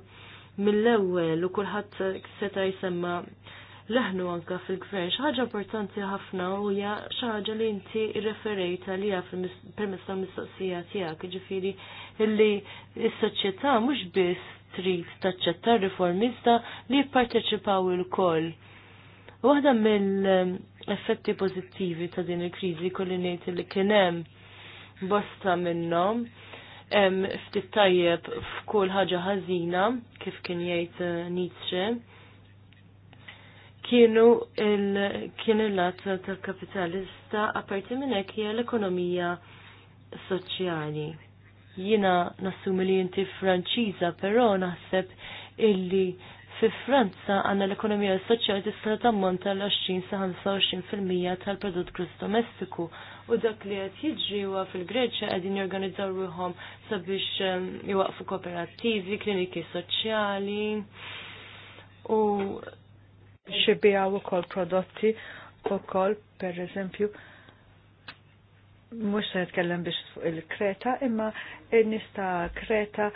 mill-ewwel u kulħadd seta' jsemma' leħnu anka fil-gvern. ħaġa importanti ħafna u ja xaħġa li inti referejt għalija permezz tal-mistoqsija tiegħek, ġifiri, illi s-soċjetà mhux biss trid taċċetta riformista li jipparteċipaw il-koll. Waħda mill-effetti pożittivi ta' din il-kriżi kolli ngħid li kien hemm bosta minnhom ftit tajjeb f'kull ħaġa ħażina kif kien jgħid Nietzsche kienu kien il-lat tal-kapitalista apparti minn hekk hija l-ekonomija soċjali. Jina nassumi li inti Franċiża, però naħseb illi fi Franza għanna l-ekonomija soċjali tista' tammonta l-20 sa 25% tal-prodott gross domestiku u dak li qed jiġri fil-Greċja qegħdin jorganizzaw ruħom sabiex ehm, iwaqfu kooperativi, kliniki soċjali u xibijaw u kol prodotti u kol, per eżempju, mux se jitkellem biex fuq il-Kreta, imma nista Kreta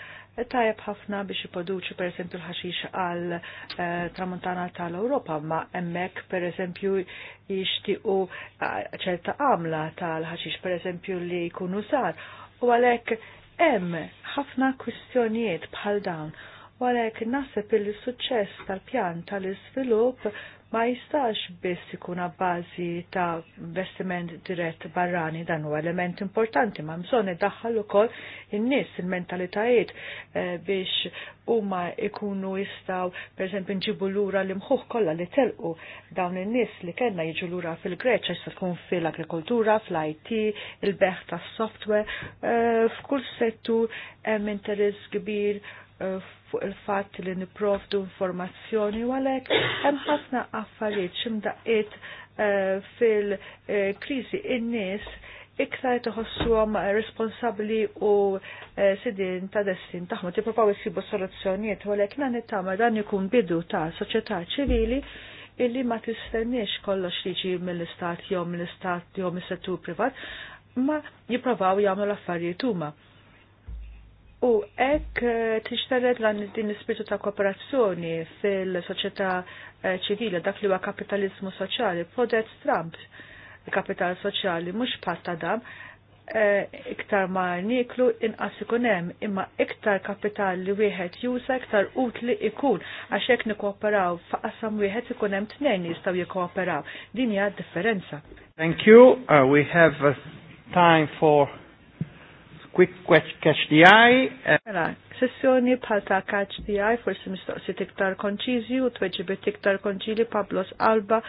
tajab ħafna biex jipoduċi per eżempju l-ħaxix għal eh, tramontana tal-Europa, ma emmek per eżempju u eh, ċerta għamla tal-ħaxix per eżempju li jkunu sar. U għalek hemm ħafna kwistjonijiet bħal dawn u għalhekk naħseb il suċċess tal-pjan tal-iżvilupp ma jistax biss ikun bażi ta' investiment dirett barrani dan huwa element importanti ma bżonn idaħħal ukoll in-nies il-mentalitajiet eh, biex huma ikunu jistgħu pereżempju nġibu lura l-imħuħ kollha li telqu dawn in-nies li kellna jiġu lura fil-Greċja jista' tkun fil-agrikoltura, fl-IT, il-beħ tas-software, eh, f'kull settur hemm interess kbir Eh, fuq il-fatt li niprofdu informazzjoni u għalhekk hemm ħafna affarijiet x'imdaqqiet eh, fil-kriżi in-nies iktar tħossuhom responsabbli u eh, sidin ta' destin tagħhom tippruvaw isibu soluzzjonijiet u għalhekk nagħni tagħmel dan ikun bidu ta' soċjetà ċivili illi ma tistenniex kollox liġi mill-istat jew mill-istat jew mis-settur privat ma jipprovaw jagħmlu l-affarijiet huma U ek eh, tixtaret lan din l-spiritu ta' kooperazzjoni fil-soċjetà eh, ċivile, dak li huwa kapitalizmu soċjali, podet Trump kapital soċjali mhux pasta dam, eh, iktar ma niklu inqas ikun hemm, imma iktar kapital li wieħed jusa iktar utli ikun għax hekk nikkooperaw f'aqasam wieħed ikun hemm tnejn jistgħu jikkooperaw. Din hija differenza. Thank you. Uh, we have uh, time for quick catch the eye. Eh. Mela, sessjoni bħal ta' catch the eye, forsi mistoqsi tiktar konċizi u tweġibi tiktar konċili Pablos Alba,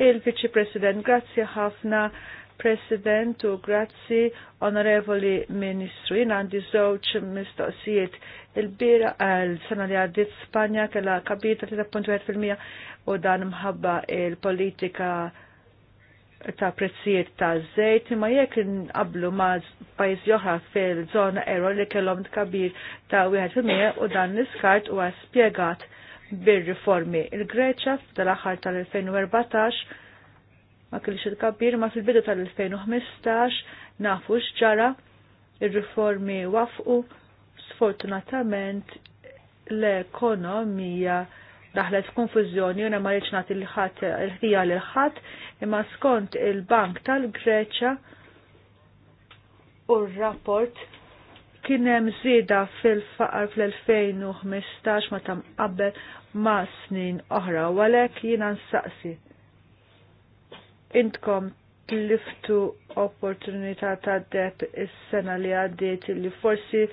il vici President. Grazzi ħafna, President, u grazzi onorevoli Ministru. Jina għandi żewġ mistoqsijiet il-bira għal-sena eh, li għaddit Spanja kella kabita 3.1% u dan mħabba il-politika ta' prezzijiet ta' zejt, ma jekk nqablu ma' pajjiż joħra fil-żona ero li kellhom tkabir ta' 1% u dan l-iskart huwa spjegat bir-riformi. Il-Greċa f'dal-aħħar tal-2014 ma kellix il-kabir ma fil-bidu tal-2015 nafu x'ġara ir-riformi wafqu sfortunatament l-ekonomija daħlet f'konfużjoni u ma rridx nagħti l il-ħtija l ħadd imma skont il-Bank tal greċa u r-rapport kien hemm żieda fil-faqar fl-2015 ma tam qabel ma snin oħra u għalhekk jiena nsaqsi. Intkom tliftu opportunità ta' deb is-sena li għaddiet li forsi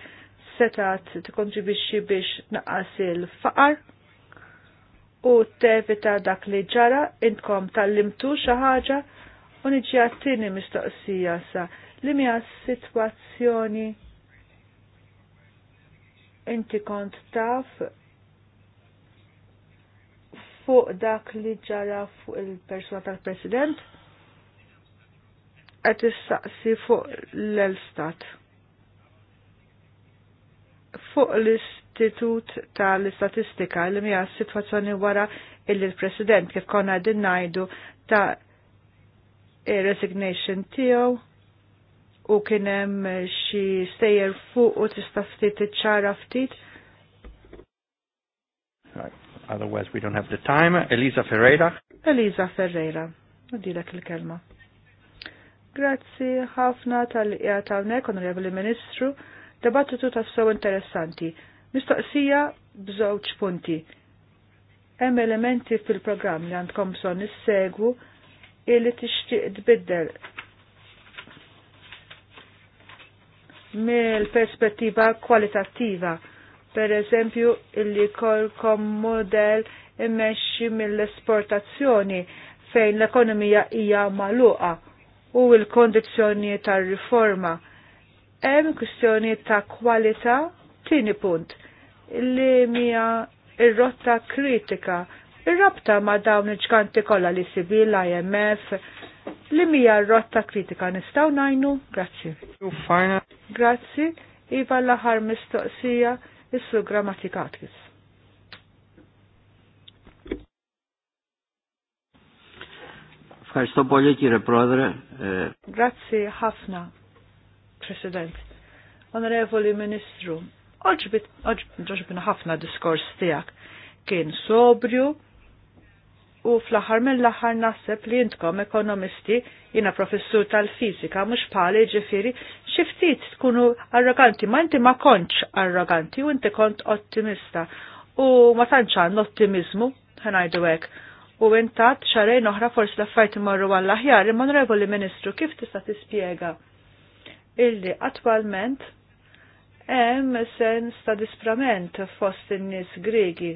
setat tikkontribixxi biex tnaqqas il-faqar u tevita dak li ġara intkom tal-limtu xaħġa u niġi għattini mistoqsija sa li mija situazzjoni inti kont taf fuq dak li ġara fuq il-persona tal-president għet istaqsi fuq l-Elstat fuq l-ist l-Istitut tal-Istatistika li mija situazzjoni wara illi l-President kif konna dinnajdu ta' resignation tiegħu u kien hemm xi stejjer fuq u tista' ftit iċċara ftit. Otherwise we don't have the time. Elisa Ferreira. Elisa Ferreira. Nadilek il-kelma. Grazzi ħafna tal-qija tal-nek, Onorevoli Ministru, debattitu ta' sew interessanti. Mistoqsija bżewġ punti. Hemm elementi fil-programm li għandkom son nissegwu illi tixtieq tbiddel mill-perspettiva kwalitattiva. Per eżempju, illi kolkom model immexxi mill-esportazzjoni fejn l-ekonomija hija magħluqa u l-kondizzjoni tar-riforma. Hemm kwistjoni ta' kwalità Tieni punt, li mija ir-rotta kritika, ir-rabta ma dawn iċkanti kollha li sibil, IMF, li mija r-rotta kritika nistgħu najnu, Grazzi. Grazzi, iva l-aħħar mistoqsija is grammatikatis. Ευχαριστώ πολύ κύριε Πρόεδρε. Grazie ħafna, President. Onorevoli Ministru, oġbina ħafna diskors tijak. Kien sobrju u fl-axar mill-axar naħseb li jintkom ekonomisti jina professur tal-fizika mux pali ġifiri xiftit tkunu arroganti ma inti ma konċ arroganti u inti kont ottimista u ma tanċan ottimizmu ħanajdu għek. U intat xarajn oħra forsi l marru għall-aħjar, il-Onorevoli Ministru, kif tista' tispjega illi attwalment hemm sens ta' disprament fost in-nies Gregi.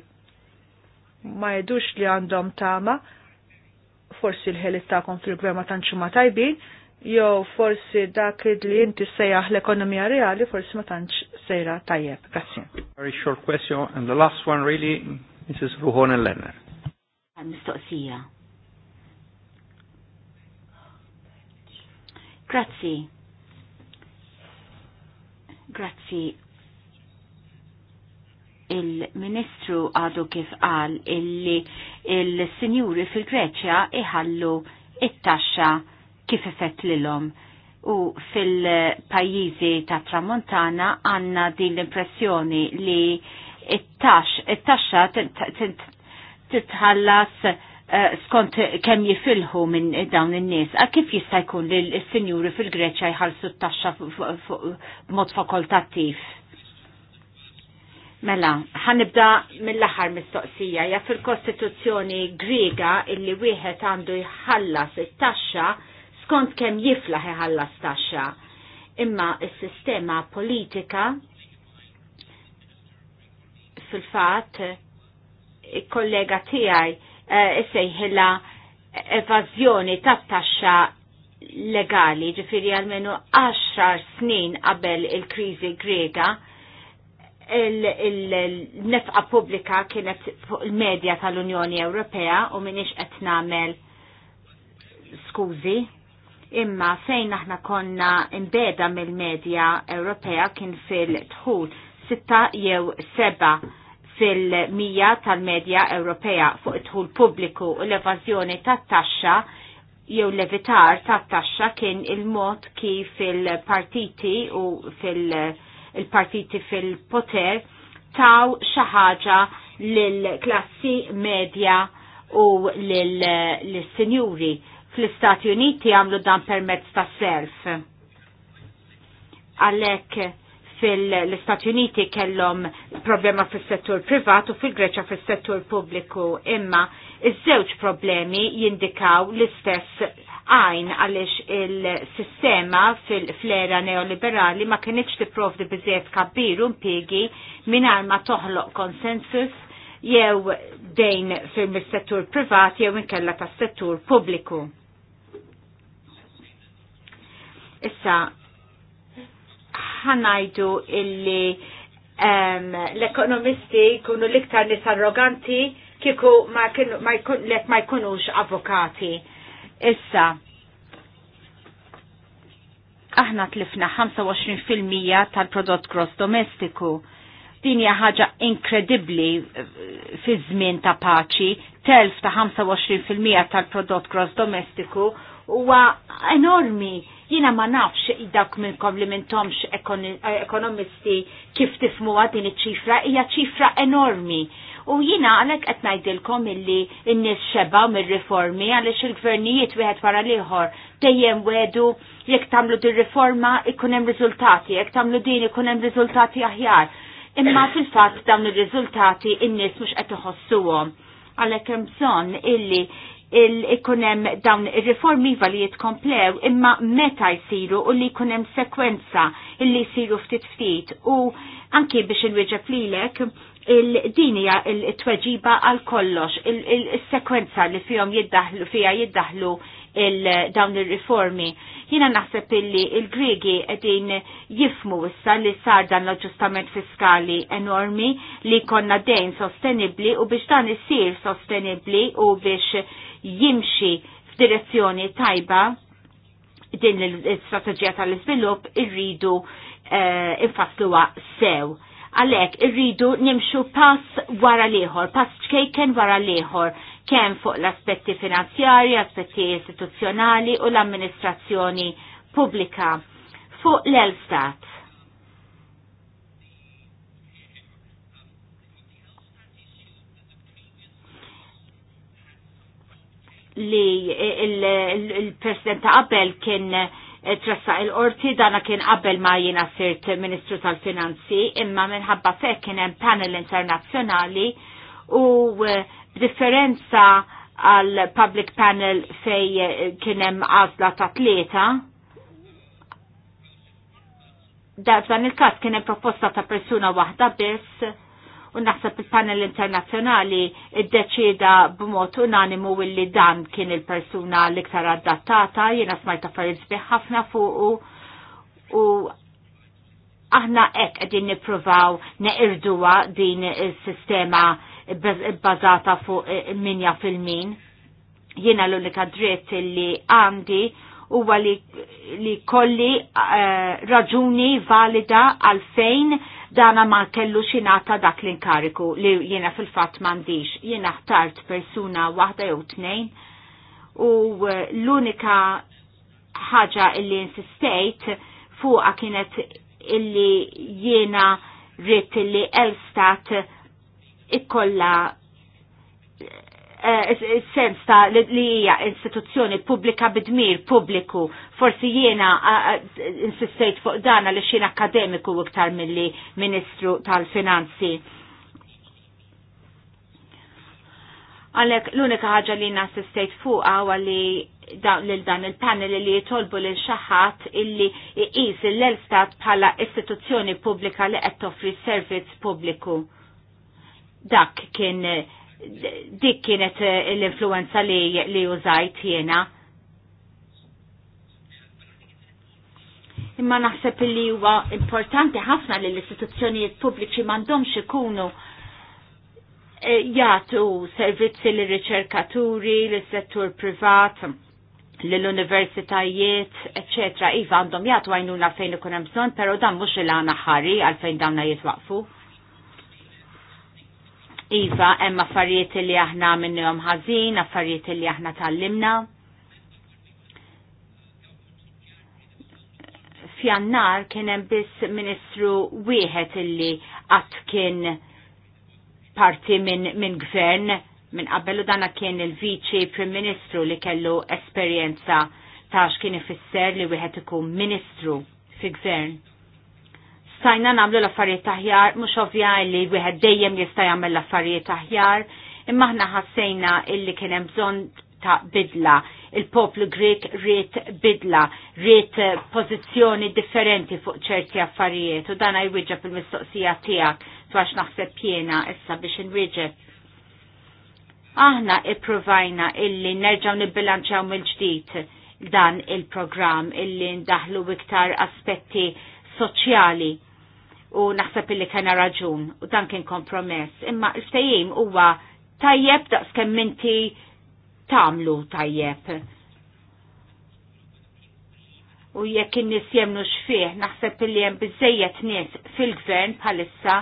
Ma jedux li għandhom tama, forsi l-ħelit ta'kom fil-gvern ma tantx ma tajbin, jew forsi dak li inti sejjaħ l-ekonomija reali forsi ma tantx sejra tajjeb. Grazzi. Very short question and the last one really Mrs. Ruhonen Lenner. Mistoqsija. Grazzi. Grazzi il-Ministru għadu kif qal illi il-Sinjuri fil-Greċja iħallu it-taxxa kif effett lilhom. U fil-pajjiżi ta' Tramontana għandna din l-impressjoni li it-taxxa titħallas Eh, skont kemm jifilħu minn dawn in-nies, a kif jista' jkun li l-sinjuri fil-Greċja jħallsu t-taxxa b'mod fakultattiv? Mela, ħanibda mill-aħħar mistoqsija, ja fil-Kostituzzjoni Griega illi wieħed għandu jħallas it-taxxa skont kemm jiflaħ iħallas taxxa. Imma s-sistema politika fil-fatt il-kollega tiegħi Eh, sejħila evażjoni tat-taxxa legali, ġifiri għalmenu 10 snin qabel il-krizi grega, il-nefqa pubblika kienet fuq il-medja tal-Unjoni Ewropea u minix qed nagħmel skużi, imma fejn aħna konna imbeda mill-medja Ewropea kien fil-dħul sitta jew seba' fil-mija tal-medja Ewropea fuq it-tħul pubbliku u l-evażjoni tat-taxxa jew levitar tat-taxxa kien il-mod kif il-partiti u fil-partiti fil-poter taw xi ħaġa lill-klassi medja u lill-sinjuri fl-Istati Uniti għamlu dan permezz ta' self. Għalhekk fil-Stati Uniti kellhom problema fis-settur privat u fil-Greċja fis-settur pubbliku imma iż-żewġ problemi jindikaw l-istess għajn għalix il-sistema fil-flera neoliberali ma kienieċ tipprovdi biżiet kabbiru mpiegi mingħajr ma toħloq konsensus jew dejn fil-settur privat jew inkella tas settur pubbliku. Issa, ħanajdu illi l-ekonomisti kunu liktar nis arroganti kiku ma, ma jkunux avokati. Issa, aħna tlifna 25% tal-prodott gross domestiku. Din hija ħaġa inkredibbli eh, fi żmien ta' paċi, telf ta' 25% tal-prodott gross domestiku huwa enormi. Jiena ma nafx dak minn li minntomx eh, ekonomisti kif tifmu din iċ-ċifra, hija ċifra enormi. U jiena għalek qed ngħidilkom illi n-nies xeba mir-riformi għaliex il-gvernijiet wieħed wara l-ieħor dejjem wedu jekk tagħmlu din riforma ikun hemm riżultati, jekk tagħmlu din ikun hemm riżultati aħjar. Imma fil-fatt dawn ir-riżultati n-nies mhux qed iħossuhom għalek hemm bżonn illi il-ikunem dawn il-reformi iva li jitkomplew imma meta jisiru u li jkunem sekwenza illi jisiru ftit ftit u anki biex inwieġeb lilek il-dinija il-tweġiba għal kollox, il-sekwenza li fihom jiddaħlu, fija jiddaħlu dawn il-reformi. Jina naħseb illi il-Gregi edin jifmu issa li sar dan l ġustament fiskali enormi li konna dejn sostenibli u biex dan isir sostenibli u biex jimxi f'direzzjoni tajba din l-istrateġija tal-iżvilupp irridu uh, eh, infasluwa sew. Għalhekk irridu nimxu pass wara liħor, pass ċkejken wara liħor, kem kemm fuq l-aspetti finanzjari, aspetti istituzzjonali u l-amministrazzjoni pubblika. Fuq l-Elstat, li il-president ta' qabel kien eh, tressa il-qorti dana kien qabel ma jina sirt ministru tal-finanzi imma minħabba fe kien hemm panel internazzjonali u eh, b'differenza għal public panel fej eh, kien hemm għażla ta' tlieta dan il-każ kien hemm proposta ta' persuna waħda biss naħseb il-panel internazzjonali id-deċida b'mod unanimu illi dan kien il-persuna l-iktar adattata, jiena smajta affarijiet sbieħ ħafna fuq u aħna hekk qegħdin nippruvaw neqirduha din is-sistema bbażata fuq minja fil-min. Jiena l-unika dritt li għandi huwa li, li kolli eh, raġuni valida għalfejn dana ma kellu xinata dak l-inkariku li jiena fil-fat mandiġ. Jiena ħtart persuna wahda jew tnejn u eh, l-unika ħaġa illi insistejt fuqa kienet illi jiena rrit illi Elstat ikkolla Eh, sens ta' li hija istituzzjoni pubblika bidmir pubbliku, forsi jiena insistejt fuq dan għal xien akademiku iktar milli Ministru tal-Finanzi. Għalek l-unika ħaġa li insistejt fuq għaw li lil dan il-panel li jitolbu lil xaħat illi jqis l-Elstat bħala istituzzjoni pubblika li qed toffri servizz pubbliku. Dak kien dik kienet eh, l-influenza li, li użajt jena. Imma naħseb li huwa importanti ħafna li l-istituzzjonijiet pubbliċi m'għandhomx ikunu eh, jagħtu servizzi lir riċerkaturi lis-settur privat, l-universitajiet, eccetera. Iva għandhom jagħtu għajnuna fejn ikun hemm bżonn, però dan mhux il-għana ħari għalfejn dawn jitwaqfu. Iva, hemm affarijiet li aħna minnhom ħażin, affarijiet li aħna tallimna. Fjannar kien hemm biss Ministru wieħed illi qatt kien parti minn min gvern minn qabelu dana kien il-Viċi Prim Ministru li kellu esperjenza ta' x'kien ifisser li wieħed ikun Ministru fi gvern stajna namlu l-affarijiet taħjar, mhux ovvja li wieħed dejjem jista' jagħmel l-affarijiet taħjar, imma aħna ħassejna illi kien hemm bżonn ta' bidla. Il-poplu Grek riet bidla, riet pożizzjoni differenti fuq ċerti affarijiet u dan jwieġeb il-mistoqsija tiegħek dwar naħseb jiena issa biex inwieġeb. Aħna ipprovajna illi nerġgħu nibbilanċaw mill-ġdid dan il-programm illi ndaħlu iktar aspetti soċjali u naħseb illi kena raġun u dan kien kompromess. Imma il-ftajim huwa tajjeb daqskemm inti tamlu tajjeb. U jekk in-nies jemnu xfih, naħseb illi hemm biżejjed nies fil-gvern bħalissa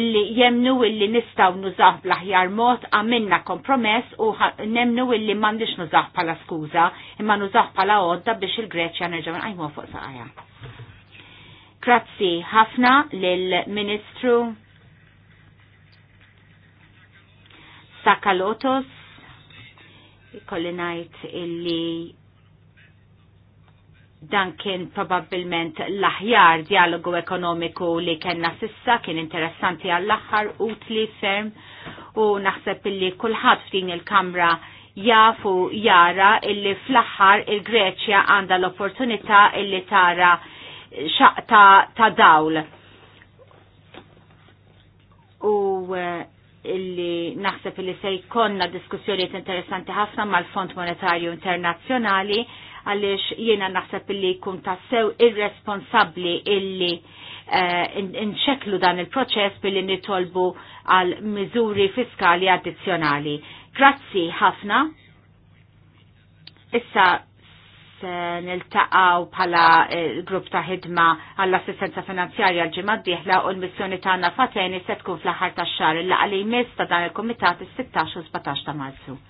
illi jemnu illi nistaw nużaħ bl-aħjar mod għamilna kompromess u nemnu illi m'għandix nużaħ bħala skuża imma nużaħ bħala għodda biex il-Greċja nerġaw għajmu fuq saqajja. Grazzi ħafna lill-Ministru Sakalotos, ikolli najt illi dan kien probabbilment l-aħjar dialogu ekonomiku li kena sissa kien interessanti għall-aħħar utli ferm u naħseb illi kulħadd f'din il-kamra jafu jara illi fl-aħħar il-Greċja għandha l-opportunità illi tara xaq ta', ta dawl. U eh, illi naħseb illi se jkollna diskussjonijiet interessanti ħafna mal-Fond Monetarju Internazzjonali għaliex jiena naħseb illi jkun tassew irresponsabbli illi uh, dan il-proċess billi nitolbu għal miżuri fiskali addizzjonali. Grazzi ħafna. Issa se niltaqgħu bħala eh, grupp ta' ħidma għall-assistenza finanzjarja l-ġimgħa d-dieħla u l-missjoni ta' għanna se tkun fl-aħħar tax xar il-laqgħa li jmiss ta' dan il-kumitat is-16 u 17 ta' Marzu.